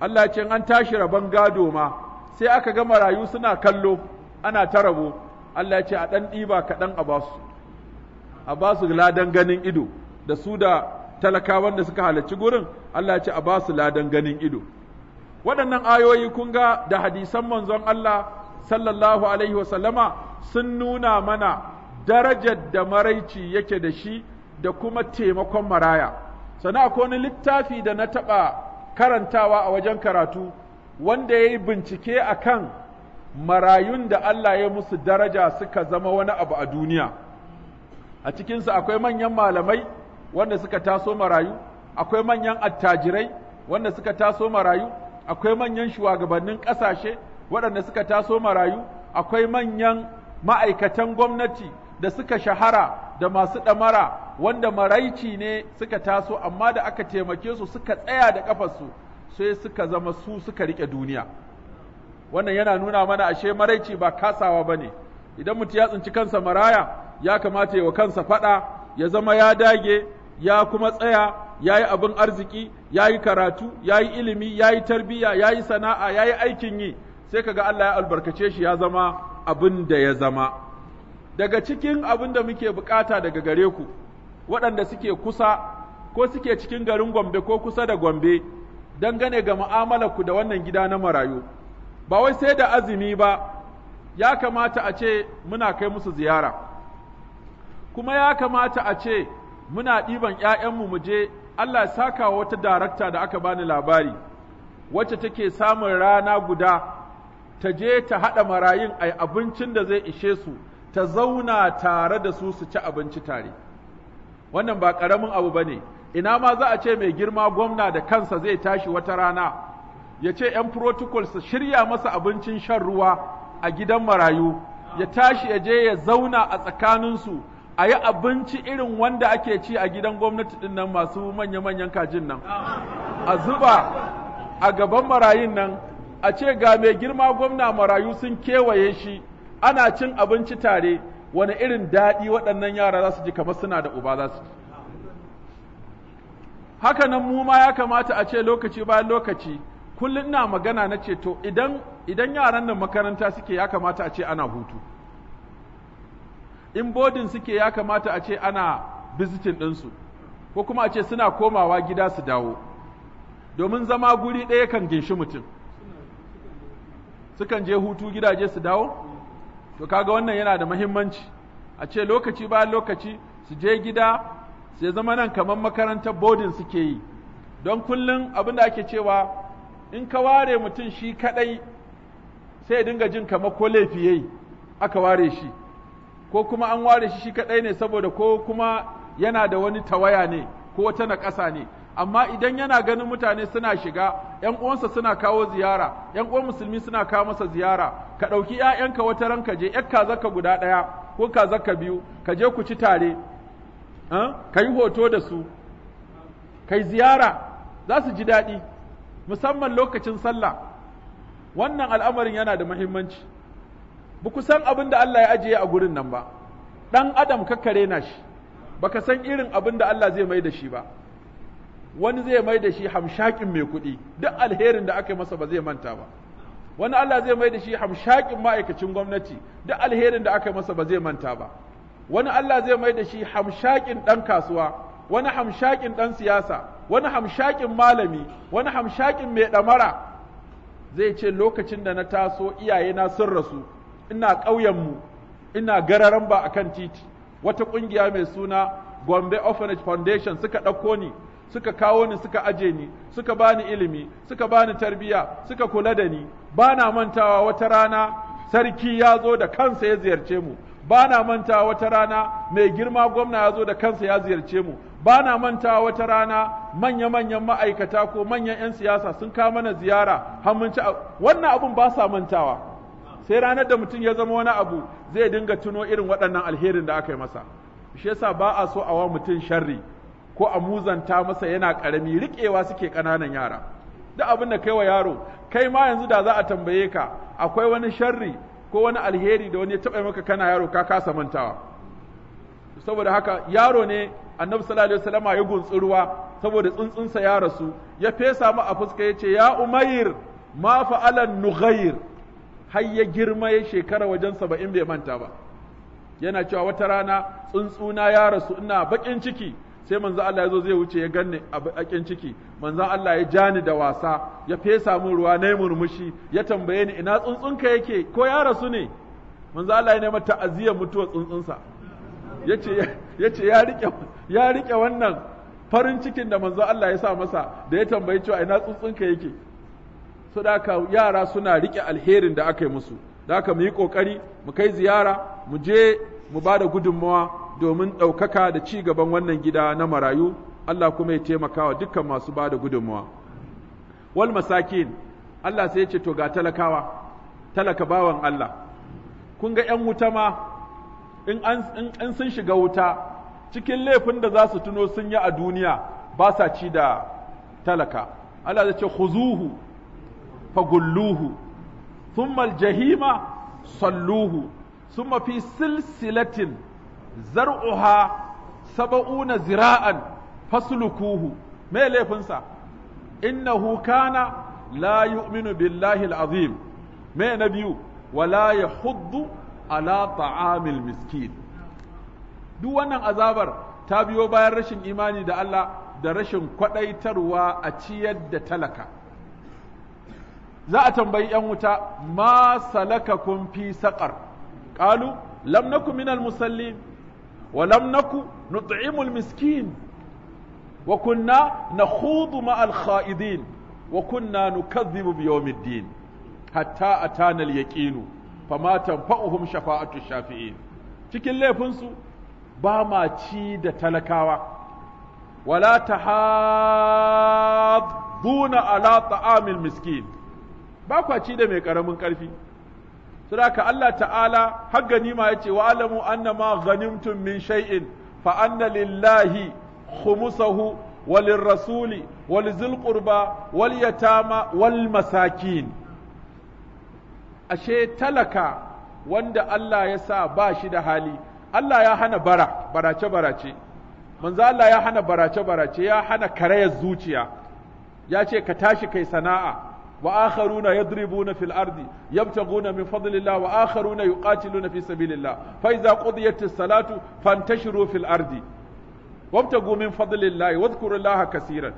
Allah ce an tashi raban gado ma sai aka ga marayu suna kallo ana ta rabo Allah ce a dan diba kaɗan a basu a basu ladan ganin ido da su da talakawan da suka halarci gurin Allah ce a basu ladan ganin ido waɗannan ayoyi kun ga da hadisan manzon Allah sallallahu alaihi wasallama sun nuna mana darajar da maraici yake da shi da kuma taimakon maraya sana akwai wani littafi da na taɓa karantawa a wajen karatu wanda ya yi bincike a kan marayun da Allah ya musu daraja suka zama wani abu a duniya a cikinsu akwai manyan malamai wanda suka taso marayu akwai manyan attajirai wanda suka taso marayu akwai manyan shugabannin ƙasashe waɗanda suka taso marayu akwai manyan ma'aikatan gwamnati da suka shahara da masu ɗamara wanda maraici ne suka taso amma da aka taimake su suka tsaya da ƙafarsu sai suka zama su suka riƙe duniya wannan yana nuna mana ashe maraici ba kasawa ba ne idan mutum ya tsinci kansa maraya ya kamata ya wa kansa faɗa ya zama ya dage ya kuma tsaya ya yi abin arziki ya yi karatu ya yi ilimi ya yi tarbiyya ya yi sana'a ya yi aikin yi sai kaga Allah ya albarkace shi ya zama abin da ya zama daga cikin abin da muke bukata daga gare ku waɗanda suke kusa ko suke cikin garin Gombe ko kusa da Gombe dangane ga mu'amalar ku da wannan gida na marayu ba wai sai da azumi ba ya kamata a ce muna kai musu ziyara kuma ya kamata a ce muna ɗiban ‘ya'yanmu mu je Allah ya saka wata darakta da aka bani labari wacce take samun rana guda ta je ta haɗa marayun ai abincin da zai ishe su ta zauna tare da su su ci abinci tare wannan ba ƙaramin abu ba ne ina ma za a ce mai girma gwamna da kansa zai tashi wata rana ya ce 'yan protocol su shirya masa abincin shan ruwa a gidan marayu ya tashi ya je ya zauna a tsakaninsu a yi abinci irin wanda ake ci a gidan gwamnati ɗin nan masu manya-manyan kajin nan a zuba a gaban marayun nan a ce ga mai girma gwamna marayu sun kewaye shi ana cin abinci tare wani irin daɗi waɗannan yara za su ji kamar suna da uba za su ji haka nan mu ma ya kamata a ce lokaci bayan lokaci kullum na magana na ce to idan idan yaran nan makaranta suke ya kamata a ce ana hutu in bodin suke ya kamata a ce ana bizitin ɗinsu ko kuma a ce suna komawa gida su dawo domin zama guri ɗaya kan ginshi mutum sukan je hutu gidaje su dawo to kaga wannan yana da muhimmanci a ce lokaci bayan lokaci su je gida sai zama nan kamar makarantar bodin suke yi don kullum abin da ake cewa in ka ware mutum shi kadai sai dinga jin kamar ko laifi yayi aka ware shi ko kuma an ware shi shi kadai ne saboda ko kuma yana da wani tawaya ne ko wata naƙasa ne amma idan yana ganin mutane suna shiga ‘yan uwansa suna kawo ziyara ‘yan uwan musulmi suna kawo masa ziyara ka ɗauki ‘ya'yanka wata ran ka je ‘yar kazaka guda ɗaya ko kazaka biyu ka je ku ci tare eh, ka yi hoto da su kai ziyara za su ji daɗi musamman lokacin sallah wannan al'amarin yana da muhimmanci ba ku san abin da Allah ya ajiye a gurin nan ba ɗan adam kakkare na shi baka san irin abin da Allah zai mai da shi ba wani zai mai da shi hamshakin mai kuɗi duk alherin da aka yi masa ba zai manta ba wani Allah zai mai da shi hamshakin ma'aikacin gwamnati duk alherin da aka yi masa ba zai manta ba wani Allah zai mai da shi hamshakin ɗan kasuwa wani hamshakin ɗan siyasa wani hamshakin malami wani hamshakin mai ɗamara zai ce lokacin da na taso iyayena sun rasu ina ƙauyenmu ina gararan ba akan titi wata ƙungiya mai suna Gombe Orphanage Foundation suka ɗauko ni suka kawo ni suka aje ni suka bani ilimi suka bani tarbiya suka kula da ni bana mantawa wata rana sarki ya zo da kansa ya ziyarce mu bana mantawa wata rana mai girma gwamna ya zo da kansa ya ziyarce mu bana mantawa wata rana manya-manyan ma'aikata ko manyan 'yan siyasa sun kawo mana ziyara har mun wannan abun ba sa mantawa sai ranar da mutum ya zama wani abu zai dinga tuno irin waɗannan alherin da aka yi masa shi yasa ba a so a wa mutum sharri ko a muzanta masa yana ƙarami riƙewa suke ƙananan yara duk abin da kai wa yaro kai ma yanzu da za a tambaye ka akwai wani sharri ko wani alheri da wani ya taɓa maka kana yaro ka kasa mantawa saboda haka yaro ne annabi sallallahu alaihi wasallama ya guntsi ruwa saboda tsuntsunsa ya rasu ya fesa mu a fuska ya ce ya umair ma fa'alan nughayr har ya girma ya shekara wajen saba'in bai manta ba yana cewa wata rana tsuntsuna ya rasu ina baƙin ciki sai manzo Allah ya zo zai wuce ya ganni a bakin ciki manzo Allah ya ja ni da wasa ya fesa min ruwa na murmushi ya tambaye ni ina tsuntsunka yake ko ya rasu ne manzo Allah ya nema ta'aziyya mutuwar tsuntsunsa yace yace ya rike ya rike wannan farin cikin da manzo Allah ya sa masa da ya tambayi cewa ina tsuntsunka yake so da haka yara suna rike alherin da aka yi musu da haka mu yi kokari mu kai ziyara mu je mu ba da gudunmawa domin ɗaukaka da ci gaban wannan gida na marayu Allah kuma ya taimaka wa dukkan masu ba da gudunmuwa wal masakin Allah sai ya ce to ga talakawa talaka bawan Allah kun ga ‘yan wuta ma in sun shiga wuta cikin laifin da za su tuno sun yi a duniya ba sa ci da talaka Allah zai ce Huzuhu, fagulluhu sun jahima salluhu sun mafi silsilatin zar'uha saba'una zira'an faslukuhu me laifinsa innahu kana la yu'minu billahi al'azim me na biyu wala yahuddu ala ta'amil miskin duk wannan azabar ta biyo bayan rashin imani da Allah da rashin kwadaitarwa a ciyar da talaka za a tambayi ‘yan wuta, ma salaka kun fi saƙar, ƙalu, lam naku minal musallin, ولم نكن نطعم المسكين وكنا نخوض مع الخائضين وكنا نكذب بيوم الدين حتى أتانا اليقين فما تنفعهم شفاعة الشافعين cikin laifinsu ba ma ci da talakawa wala ta haɗuna ala ta'amil miskin ba kwa ci da mai ƙaramin ƙarfi saboda Allah ta'ala har ganima yace wa alamu annama ghanimtum min shay'in fa anna lillahi khumsahu وللرسول ولذي wal واليتامى والمساكين ashe talaka wanda Allah ya sa ba shi da hali Allah ya hana bara barace barace manzo Allah ya hana barace barace ya hana karayar zuciya ya ce ka tashi kai sana'a وآخرون يضربون في الأرض يبتغون من فضل الله وآخرون يقاتلون في سبيل الله فإذا قضيت الصلاة فانتشروا في الأرض وابتغوا من فضل الله واذكروا الله كثيرا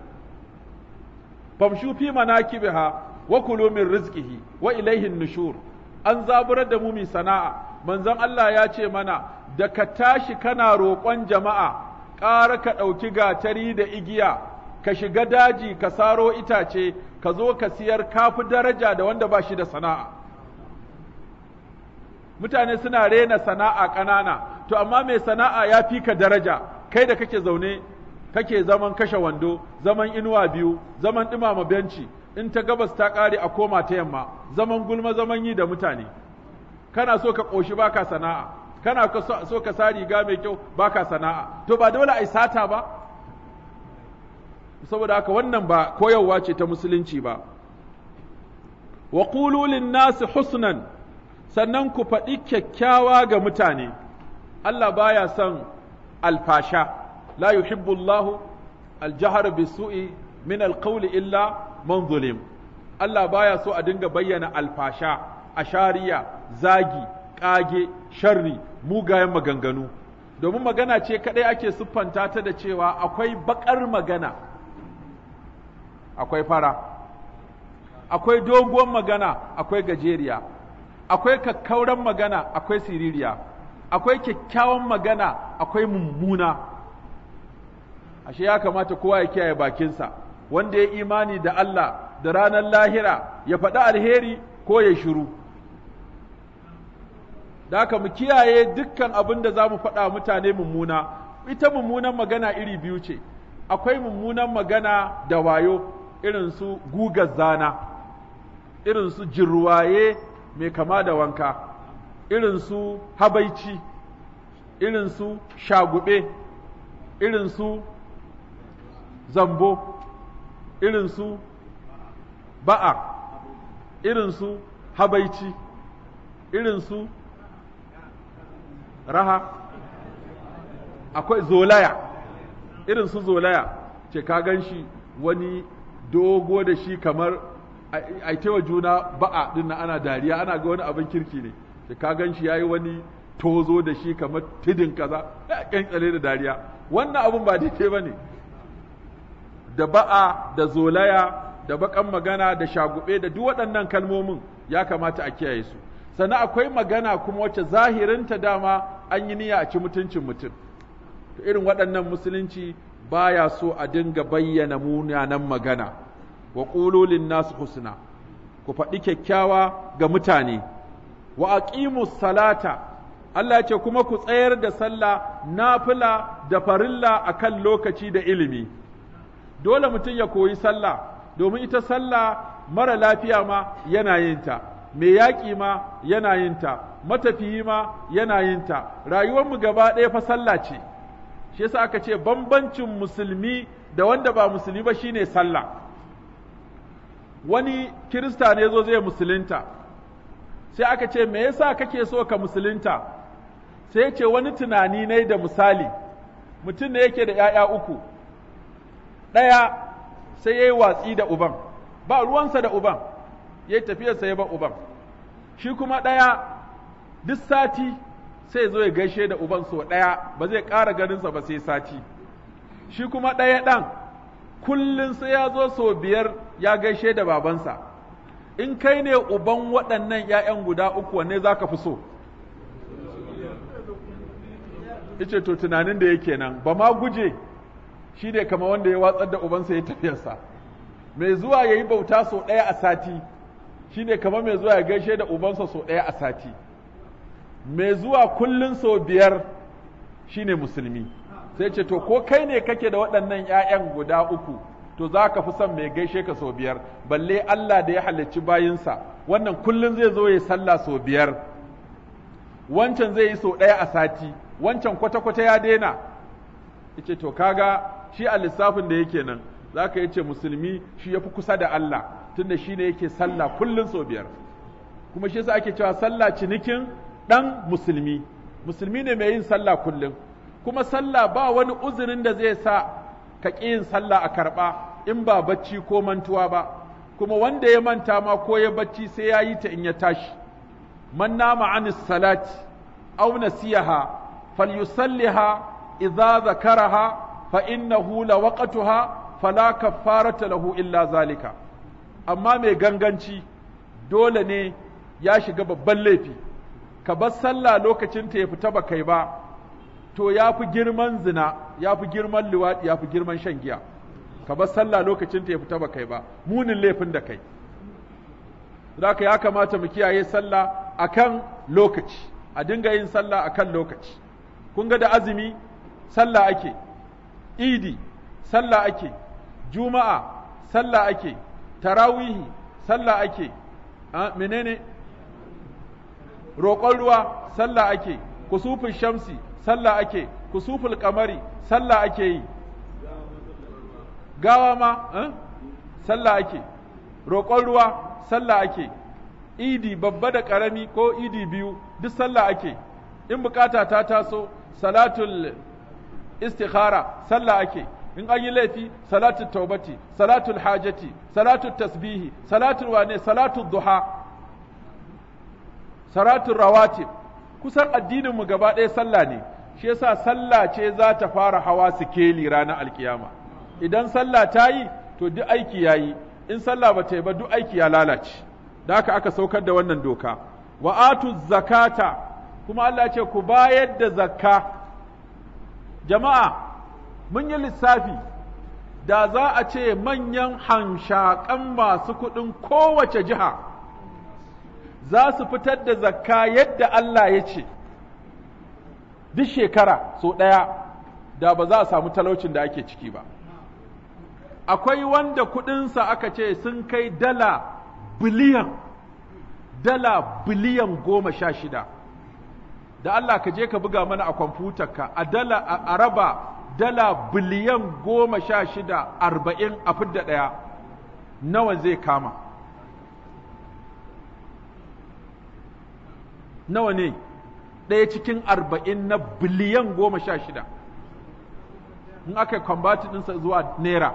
فامشوا في مناكبها وكلوا من رزقه وإليه النشور an zaburar da mu mai sana'a manzon Allah ya ce mana da ka tashi kana roƙon jama'a ƙara ka ɗauki gatari da igiya ka shiga daji ka saro itace ka zo ka siyar kafi daraja da wanda ba shi da sana'a mutane suna rena sana'a ƙanana to amma mai sana'a ya fi ka daraja kai da kake zaune kake zaman kashe wando zaman inuwa biyu zaman ɗumama benci in ta gabas ta ƙare a koma ta yamma zaman gulma zaman yi da mutane kana so ka ƙoshi baka sana'a kana so ka sa riga mai kyau baka sana'a to ba dole a sata ba saboda haka wannan ba koyarwa ce ta musulunci ba wa qulu lin husnan sannan ku faɗi kyakkyawa ga mutane Allah baya son alfasha la yuhibbu aljahar bisu'i min al illa man zulim Allah baya so a dinga bayyana alfasha ashariya zagi kage sharri mugayen maganganu domin magana ce kadai ake siffanta ta da cewa akwai bakar magana akwai fara akwai doguwar magana akwai gajeriya akwai kakkauran magana akwai siririya akwai kyakkyawan magana akwai mummuna ashe ya kamata kowa ya kiyaye bakinsa wanda ya imani da Allah da ranar lahira ya faɗi alheri ko ya shiru da ka mu kiyaye dukkan abin da za mu faɗa mutane mummuna ita mummunan magana iri biyu ce akwai mummunan magana da wayo irin su gugar zana irin su jirwaye mai kama da wanka irin su habaici irin su shagube irin su zambo irin su ba'a irin su habaici irin su raha akwai zolaya irin su zolaya ce ka gan shi wani dogo da shi kamar a taiwa juna ba'a din ana dariya ana ga wani abin kirki ne da ka gan shi yayi wani tozo da shi kamar tidin kaza da kyankyale da dariya wannan abun ba ba bane da ba'a da zolaya da bakan magana da shagube da duk waɗannan kalmomin ya kamata a kiyaye su sannan akwai magana kuma wacce zahirinta dama an yi niyya a ci mutuncin mutum irin waɗannan musulunci baya so a dinga bayyana munanan magana wa qululin nasu husna ku faɗi kyakkyawa ga mutane wa aqimu salata Allah ce kuma ku tsayar da sallah nafila da farilla a kan lokaci da ilimi dole mutum ya koyi sallah domin ita sallah mara lafiya ma yana yinta, mai yaƙi ma yana yinta, ta matafiyi ma yana yin rayuwarmu gaba ɗaya fa sallah ce shi yasa aka ce bambancin musulmi da wanda ba musulmi ba shine sallah wani kirista ne zo zai musulunta sai aka ce me yasa kake so ka musulunta sai ya ce wani tunani ne da misali mutum ne yake da ‘ya'ya uku ɗaya sai ya yi watsi da uban ba ruwansa da uban ya yi tafiyarsa ya ba uban shi kuma ɗaya duk sati sai zo ya gaishe da uban so ɗaya ba zai ƙara ganinsa ba sai sati shi kuma ɗaya ɗan kullum sai ya zo so biyar ya gaishe da babansa in kai ne uban waɗannan ‘ya'yan guda uku wanne za ka fi so ice to tunanin da yake nan ba ma guje shi ne kama wanda ya watsar da ubansa ya tafiyarsa mai zuwa ya yi bauta so ɗaya a sati shi ne kama mai zuwa ya gaishe da ubansa so ɗaya a sati mai zuwa kullun sau biyar shine musulmi sai ce to ko kai ne kake da waɗannan 'ya'yan guda uku to za ka fi son mai gaishe ka sau biyar balle Allah da ya halicci bayinsa wannan kullun zai zo ya sallah sau biyar wancan zai yi sau ɗaya a sati wancan kwata-kwata ya daina yace to kaga shi a lissafin da yake nan za ka ce musulmi shi ya fi kusa da Allah tunda shi ne yake sallah kullun sau biyar kuma shi yasa ake cewa sallah cinikin ɗan musulmi musulmi ne mai yin sallah kullum kuma sallah ba wani uzurin da zai sa ka ƙi yin sallah a karɓa in ba bacci ko mantuwa ba kuma wanda ya manta ma ko ya bacci sai ya yi ta in ya tashi man nama anis salati aw nasiyaha falyusalliha idza zakaraha fa innahu lawaqatuha fala kaffarata lahu illa zalika amma mai ganganci dole ne ya shiga babban laifi ka bar sallah lokacin ta ya fita ba kai ba to ya fi girman zina ya fi girman liwaɗi ya fi girman shan giya ka bar sallah lokacin ta ya fita ba kai ba munin laifin da kai zaka ya kamata mu kiyaye sallah akan lokaci a dinga yin sallah akan lokaci kun ga da azumi sallah ake idi sallah ake juma'a sallah ake tarawihi sallah ake ah, menene roƙon ruwa sallah ake kusufin shamsi sallah ake kusufin kamari sallah ake yi gawa ma eh? sallah ake roƙon ruwa sallah ake idi babba da ƙarami ko idi biyu duk sallah ake in bukata ta taso salatul istikhara sallah ake in an yi laifi salatul taubati salatul hajati salatul tasbihi salatul wane salatul duha saratun rawatib kusan addininmu gaba ɗaya sallah ne shi yasa sallah ce za ta fara hawa sikeli ranar alkiyama idan sallah ta yi to duk aiki ya yi in sallah ba ta yi ba duk aiki ya lalace da haka aka saukar da wannan doka wa atu zakata kuma Allah ce ku bayar da zakka jama'a mun yi lissafi da za a ce manyan hanshaƙan masu kuɗin kowace jiha za su fitar da zakka yadda Allah ya ce duk shekara so ɗaya da ba za a samu talaucin da ake ciki ba akwai wanda kuɗinsa aka ce sun kai dala biliyan dala biliyan goma sha shida da Allah ka je ka buga mana a kwamfutarka a dala a raba dala biliyan goma sha shida arba'in a fidda ɗaya nawa zai kama nawa ne ɗaya cikin arba'in na biliyan goma sha shida in aka yi kwambati ɗinsa zuwa naira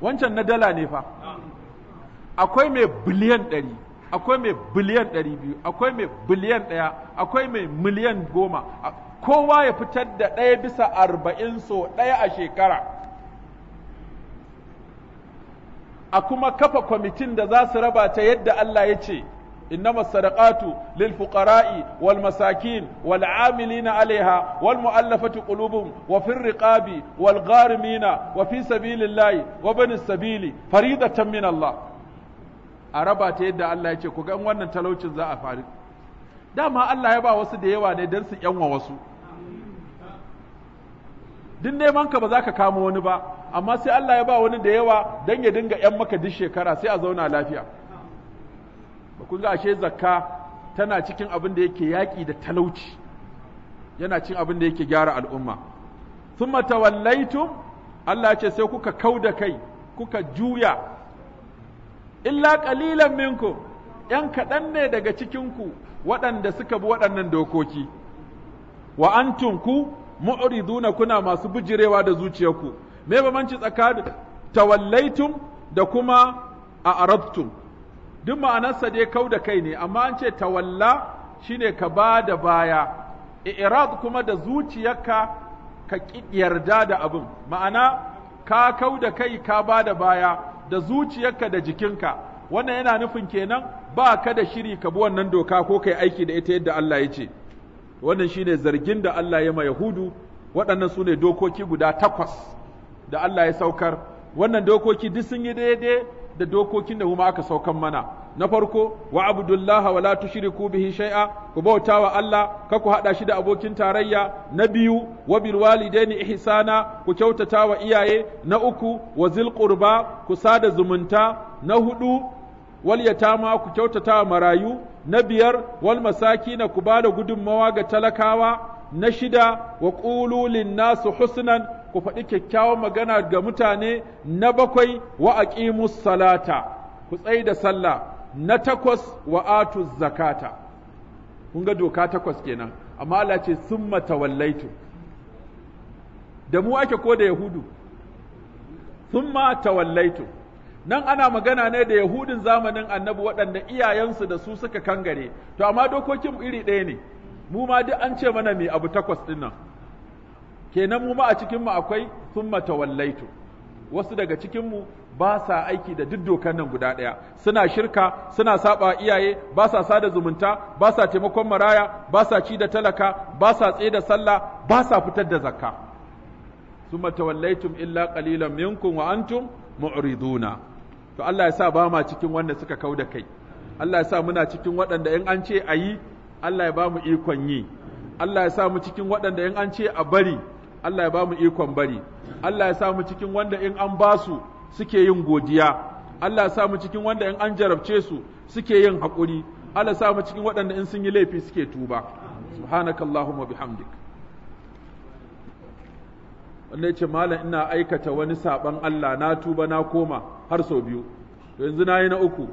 wancan na dala ne fa akwai mai biliyan ɗari akwai mai biliyan ɗari biyu akwai mai biliyan ɗaya akwai mai miliyan goma kowa ya fitar da ɗaya bisa arba'in so ɗaya a shekara a kuma kafa kwamitin da za su raba ta yadda Allah ya ce إنما الصدقات للفقراء والمساكين والعاملين عليها والمؤلفة قلوبهم وفي الرقاب والغارمين وفي سبيل الله وبن السبيل فريضة من الله أربا تيدا الله يتشكو كأن وانا تلوش زاء فارق داما الله يبا وسد يوا ندرس يوم وسو din dai manka ba za ka kamo wani ba amma sai Allah ya ba wani da yawa don ya dinga ‘yan maka duk shekara sai a zauna lafiya’ ba kun ga ashe zakka tana cikin abin da yake yaƙi da talauci yana cin abin da yake gyara al'umma thumma tawallaitum Allah ce sai kuka kauda kai kuka juya illa ƙalilan minku, ‘yan kaɗan ne daga cikinku waɗanda suka bi waɗannan dokoki, wa an tunku mu'riduna kuna masu bijirewa da zuciyarku, me ci tsakanin tawallaitum da kuma a duk ma'anarsa dai kau da kai ne amma an ce tawalla shine ka ba da baya i'rad kuma da zuciyarka ka yarda da abin ma'ana ka kau da kai ka ba da baya da zuciyarka da jikinka wannan yana nufin kenan ba ka da shiri ka bi wannan doka ko kai aiki da ita yadda Allah ya ce wannan shine zargin da Allah ya ma Yahudu waɗannan su ne dokoki guda takwas da Allah ya saukar wannan dokoki duk sun yi daidai da dokokin da kuma aka saukan mana na farko wa abdullahi wala tushriku bihi shay'a ku bauta wa Allah ka ku hada shi da abokin tarayya na biyu wa bil walidaini ihsana ku kyautata wa iyaye na uku wa zil qurba ku sada zumunta na hudu wal yatama ku kyautata wa marayu na biyar wal masakin ku bada gudunmawa ga talakawa na shida wa ƙululin nasu husnan ku faɗi kyakkyawan magana ga mutane na bakwai wa aqimus salata ku da sallah na takwas wa atu zakata kun ga doka takwas kenan amma Allah ce summa tawallaitu da mu ake ko da yahudu summa tawallaitu nan ana magana ne da yahudin zamanin annabi waɗanda iyayensu da su suka kangare to amma dokokin iri ɗaya ne mu ma duk an ce mana mai abu takwas ɗin nan kenan mu ma a cikinmu akwai sun matawallaitu wasu daga cikinmu ba sa aiki da duk dokan nan guda ɗaya suna shirka suna saba iyaye ba sa sada zumunta ba sa taimakon maraya ba sa ci da talaka ba sa tsaye da sallah ba sa fitar da zakka summa tawallaitum illa qalilan minkum wa antum mu'riduna to Allah ya sa ba ma cikin wanda suka kauda kai Allah ya sa muna cikin waɗanda in an ce ayi Allah ya ba mu ikon yi Allah ya sa mu cikin waɗanda in an ce a bari Allah ya ba mu ikon bari Allah ya sa mu cikin wanda in an ba su suke yin godiya Allah ya sa mu cikin wanda in an jarabce su suke yin haƙuri Allah ya sa mu cikin waɗanda in sun yi laifi suke tuba subhanakallahumma bihamdik wanda ce malam ina aikata wani saban Allah na tuba na koma har sau biyu yanzu na yi na uku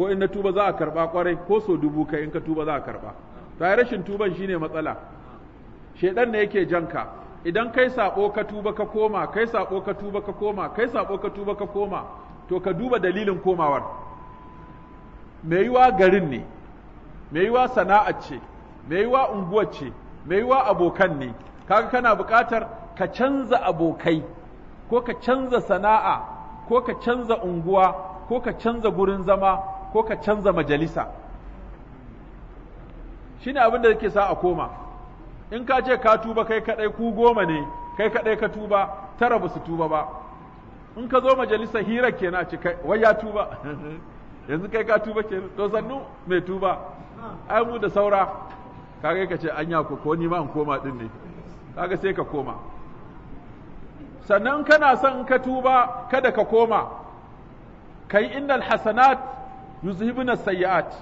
ko in na tuba za a karɓa kwarai ko so dubu kai in ka tuba za a karɓa to ai rashin tuban shine matsala shedan ne yake janka idan kai saɓo ka tuba ka koma kai saɓo ka tuba ka koma kai saɓo ka tuba ka koma to ka duba dalilin komawar Me yiwa garin ne Me yiwa sana'a ce Me yiwa unguwar ce mai yiwa abokan ne kaga kana buƙatar ka canza abokai ko ka canza sana'a ko ka canza unguwa ko ka canza gurin zama ko ka canza majalisa shine abin da yake sa a koma in ka ce ka tuba kai kadai ku goma ne kai kadai ka tuba tara ba su tuba ba in ka zo majalisa hira kenan a ce kai wai ya tuba yanzu kai ka tuba kenan to sannu mai tuba ai mu da saura kaga ka ce anya ku, ko ni ma in koma din ne kaga sai ka koma sannan kana son ka tuba kada ka koma kai innal hasanat yuzhibuna sayyi'at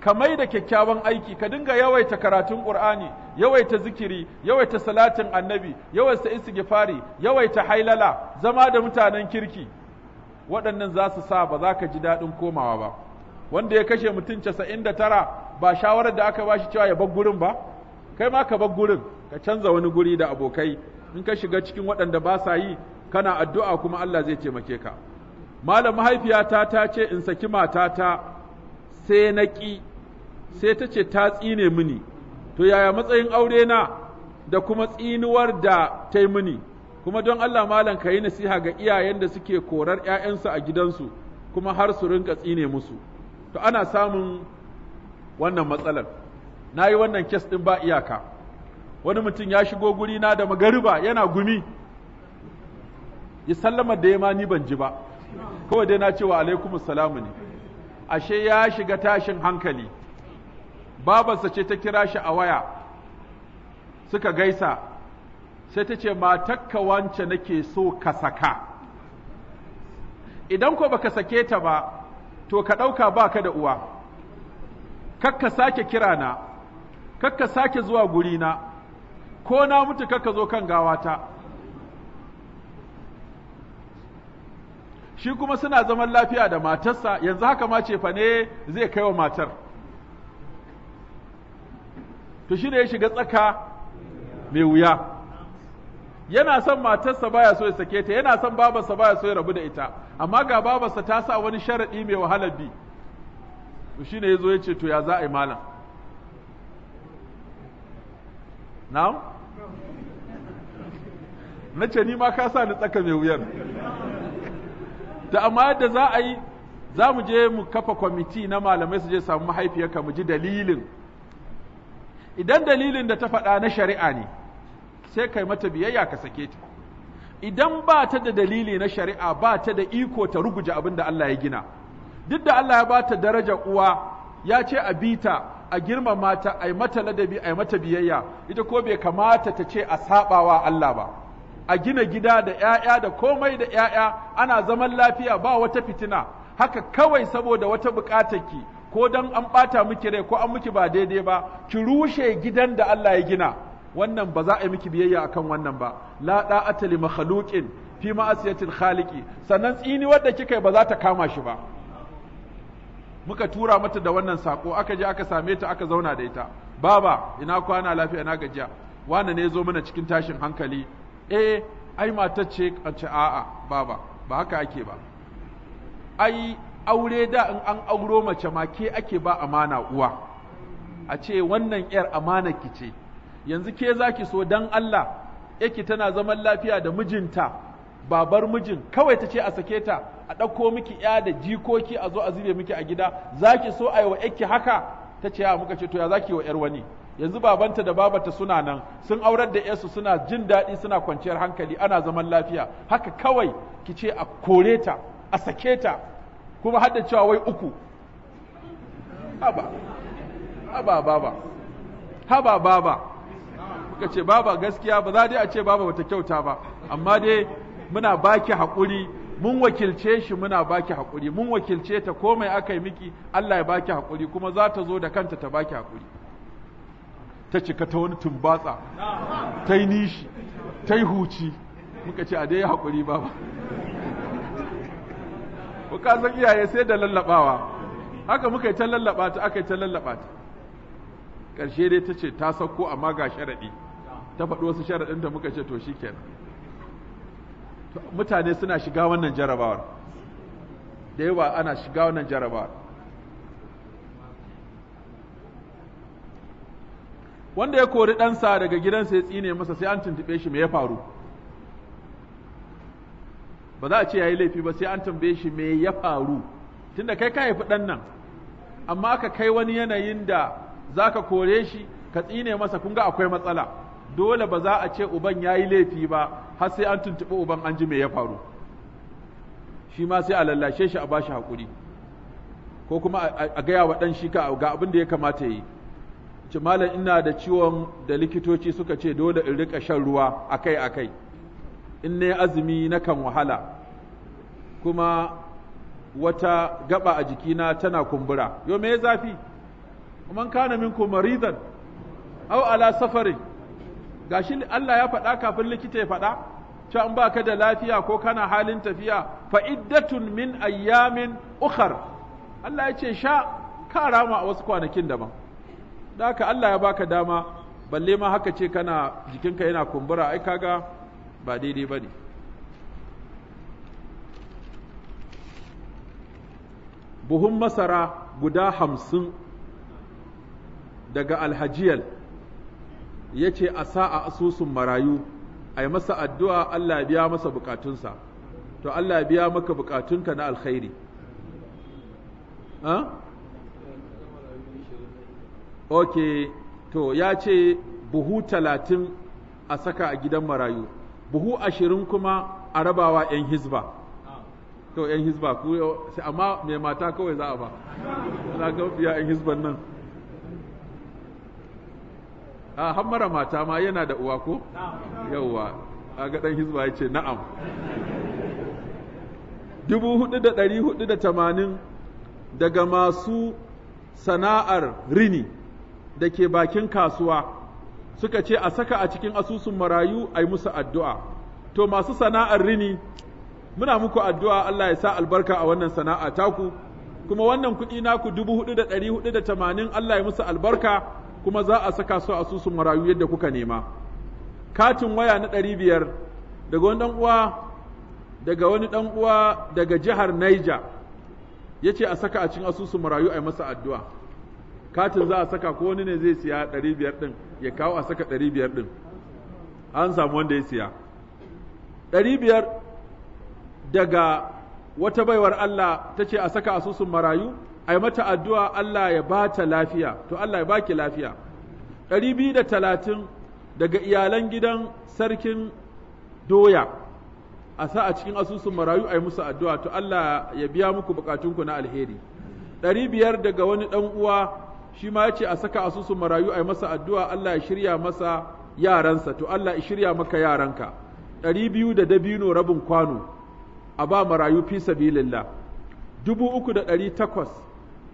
kamai da kyakkyawan aiki ka dinga yawaita karatun qur'ani yawaita zikiri yawaita salatin annabi yawaita istighfari yawaita hailala zama da mutanen kirki waɗannan za su sa ba za ka ji daɗin komawa ba wanda ya kashe mutum casa'in da tara ba shawarar da aka bashi cewa ya bar gurin ba kai ma ka bar gurin ka canza wani guri da abokai in ka shiga cikin waɗanda ba sa yi kana addu'a kuma Allah zai taimake ka malam mahaifiyata ta ce in saki matata sai na ƙi sai ta ce ta tsine mini to yaya matsayin aure na da kuma tsinuwar da ta yi mini kuma don Allah malam ka yi nasiha ga iyayen da suke korar ‘ya'yansu a gidansu kuma har su rinka tsine musu to ana samun wannan matsalar na yi wannan kes ɗin ba iyaka wani mutum ya shigo guri na da magariba yana gumi ya sallama da ya ni ban ji ba kawai dai na cewa alaikum salamu ne ashe ya shiga tashin hankali Babansa ce ta kira shi a waya suka gaisa sai ta ce matakka wance nake so ka saka idan ko baka sake ta ba to ka ɗauka ba ka da uwa kakka sake kira na kakka sake zuwa guri na, ko na mutu kakka zo kan gawata shi kuma suna zaman lafiya da matarsa yanzu haka ma cefa ne zai kai wa matar to shi ne ya shiga tsaka mai wuya yana son matarsa baya so ya sake ta yana son babarsa baya so ya rabu da ita amma ga babarsa ta sa wani sharaɗi mai wahalar bi to shi ne ya zo ya ce to ya za a yi malam na? ce ni ma ka sa ni tsaka mai wuyar da amma yadda za a yi za mu je mu kafa kwamiti na malamai su je samu mahaifiyarka mu ji dalilin idan dalilin da ta faɗa na shari'a ne sai kai mata biyayya ka sake ta idan ba ta da dalili na shari'a ba ta da iko ta ruguje abin da Allah ya gina duk da Allah ya ba ta daraja uwa ya ce a bi ta, a girmama ta ai mata ladabi ai mata biyayya ita ko bai kamata ta ce a saɓawa Allah ba a gina gida da ‘ya'ya da komai da ‘ya'ya ana zaman lafiya ba wata fitina, haka kawai saboda wata buƙatar ki ko don an ɓata miki rai ko an miki ba daidai ba, ki rushe gidan da Allah ya gina, wannan ba za a yi miki biyayya akan wannan ba, la ɗa'ata li makhluqin fi ma'asiyatil sannan tsini wadda kika yi ba za ta kama shi ba. Muka tura mata da wannan sako aka je aka same ta aka zauna da ita. Baba, ina kwana lafiya Na gajiya. Wane ne ya zo mana cikin tashin hankali eh ai matar ce a ce a'a baba ba haka ake ba ai aure da in an auro mace ma ke ake ba amana uwa a ce wannan yar amana ki ce yanzu ke zaki so dan Allah yake tana zaman lafiya da mijinta babar mijin kawai ta ce a sake ta a ɗauko miki ya da jikoki a zo a zube miki a gida zaki so a yi wa yake haka ta ce a muka ce to ya zaki wa yar wani yanzu babanta da babata suna nan sun aurar da yarsu suna jin daɗi suna kwanciyar hankali ana zaman lafiya haka kawai ki ce a kore ta a sake ta kuma har cewa wai uku haba haba baba haba baba kuka ce baba gaskiya ba za dai a ce baba bata kyauta ba amma dai muna baki haƙuri mun wakilce shi muna baki haƙuri mun wakilce ta komai aka yi miki Allah ya baki haƙuri kuma za ta zo da kanta ta baki haƙuri ta cika ta wani tumbatsa ta yi nishi ta yi huci muka ce a dai ya haƙuri ba ba ka san iyaye sai da lallaɓawa haka muka yi ta lallaɓa ta aka yi ta lallaɓa ta ƙarshe dai ta ce ta sauko amma ga sharaɗi ta faɗi wasu sharaɗin da muka ce to shi kenan mutane suna shiga wannan jarabawar da yawa ana shiga wannan jarabawar wanda ya kori ɗansa daga gidansa ya tsine masa sai an tuntuɓe shi me ya faru ba za a ce ya yi laifi ba sai an tambaye shi me ya faru tunda kai ka haifi ɗan nan amma ka kai wani yanayin da za ka kore shi ka tsine masa kun ga akwai matsala dole ba za a ce uban ya yi laifi ba har sai an tuntuɓi uban an ji me ya faru shi ma sai a lallashe shi a bashi haƙuri ko kuma a gaya wa ɗan shi ka ga abin da ya kamata ya yi ci malam ina da ciwon da likitoci suka ce dole in rika shan ruwa akai akai in ne azumi na kan wahala kuma wata gaba a jikina tana kumbura yo me zafi kuma kana minkum maridan Au ala safarin gashi Allah ya faɗa kafin likita ya faɗa cewa in baka da lafiya ko kana halin tafiya fa iddatun min ayyamin ukhar Allah ya ce sha ka a wasu kwanakin daban da haka Allah ya baka dama balle ma haka ce kana jikinka yana kumbura ai kaga ba daidai ba ne buhun masara guda hamsin daga alhajiyal ya ce a sa a asusun marayu a yi masa addu'a Allah biya masa bukatunsa to Allah biya maka bukatunka na alkhairi ok to ya ce buhu talatin a saka a gidan marayu buhu ashirin kuma a rabawa 'yan hizba to 'yan hizba ku amma mai mata kawai za a ba za ka biya 'yan hizban nan a hammara mata ma yana da uwa ko yauwa a ga ɗan hizba ya ce na'am dubu hudu da ɗari hudu da tamanin daga masu sana'ar rini da ke bakin kasuwa suka ce a saka a cikin asusun marayu a yi musu addu'a. To masu sana'ar rini, muna muku addu'a Allah ya sa albarka a wannan sana'a taku, kuma wannan kuɗi naku dubu hudu da ɗari hudu da tamanin Allah ya musu albarka kuma za a saka su a asusun marayu yadda kuka nema. Katin waya na ɗari biyar daga wani uwa daga wani ɗan uwa daga jihar Niger ya ce a saka a cikin asusun marayu a yi masa addu'a. katin za a saka ko wani ne zai siya ɗari biyar ɗin ya kawo a saka ɗari biyar ɗin an samu wanda ya siya ɗari biyar daga wata baiwar Allah ta ce a saka asusun marayu a yi mata addu'a Allah ya ba ta lafiya to Allah ya ba ki lafiya ɗari biyu da talatin daga iyalan gidan sarkin doya a sa a cikin asusun marayu a yi musu addu'a to Allah ya biya muku bukatunku na alheri ɗari biyar daga wani ɗan uwa shi ma ya ce a saka asusun marayu a yi masa addu'a Allah ya shirya masa yaransa to Allah ya shirya maka yaranka ɗari biyu da dabino rabin kwano a ba marayu fi sabilillah dubu uku da ɗari takwas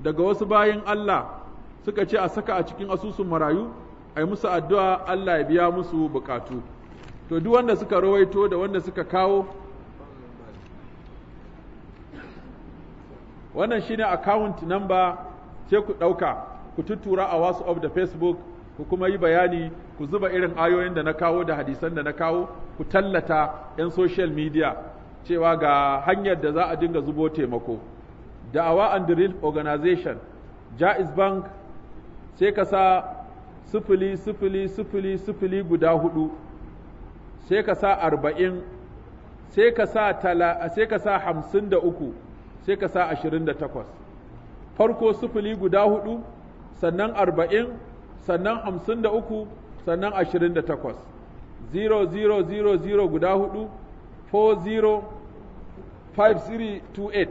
daga wasu bayan Allah suka ce a saka a cikin asusun marayu a yi musu addu'a Allah ya biya musu bukatu to duk wanda suka rawaito da wanda suka kawo wannan shine account number sai ku ɗauka ku tuttura a WhatsApp da Facebook ku kuma yi bayani ku zuba irin ayoyin da na kawo da hadisan da na kawo ku tallata 'yan social media cewa ga hanyar da za a dinga zubo taimako da'awa and real organization jaiz bank sai ka sa sufuli sufuli sufuli sufuli guda hudu sai ka sa arba'in sai ka sa tala sai ka sa hamsin da uku sai ka sa ashirin da takwas farko sifili guda hudu sannan arba'in sannan hamsin da uku sannan ashirin da takwas zero zero zero zero guda hudu four zero five three two eight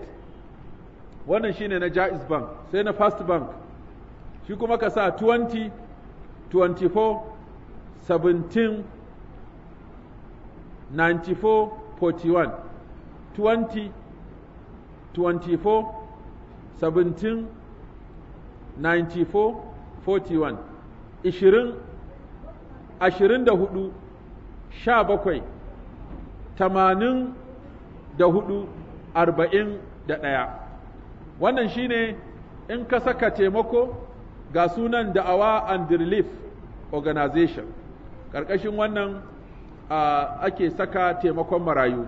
wannan shine na Jaiz Bank sai na First Bank shi kuma ka sa ninety 24 17 94 41 twenty 24 17 94 41 20 24 17 80 da hudu arba'in da ɗaya wannan shine in ka saka taimako ga sunan da'awa and relief organization ƙarƙashin wannan ake saka taimakon marayu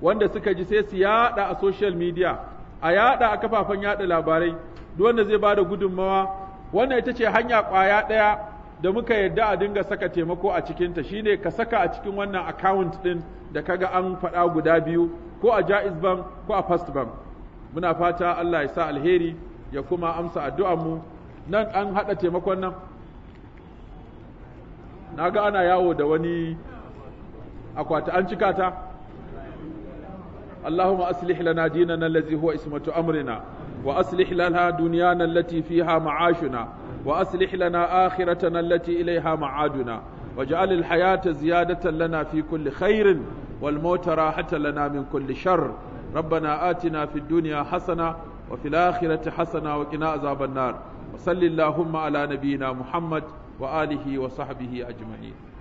wanda suka ji sai su yaɗa a social midiya a yaɗa a kafafen yaɗa labarai duk wanda zai da gudunmawa wannan ita ce hanya kwaya ɗaya da muka yarda a dinga saka taimako a cikinta shine ka saka a cikin wannan account ɗin da kaga an faɗa guda biyu ko a Jaiz Bank ko a First Bank muna fata Allah ya sa alheri ya kuma amsa addu'ar mu nan an haɗa taimakon nan na ana yawo da wani akwati an cika ta Allahumma aslih lana dinana allazi huwa ismatu amrina وأصلح لنا دنيانا التي فيها معاشنا وأصلح لنا آخرتنا التي إليها معادنا واجعل الحياة زيادة لنا في كل خير والموت راحة لنا من كل شر ربنا آتنا في الدنيا حسنة وفي الآخرة حسنة وقنا عذاب النار وصل اللهم على نبينا محمد وآله وصحبه أجمعين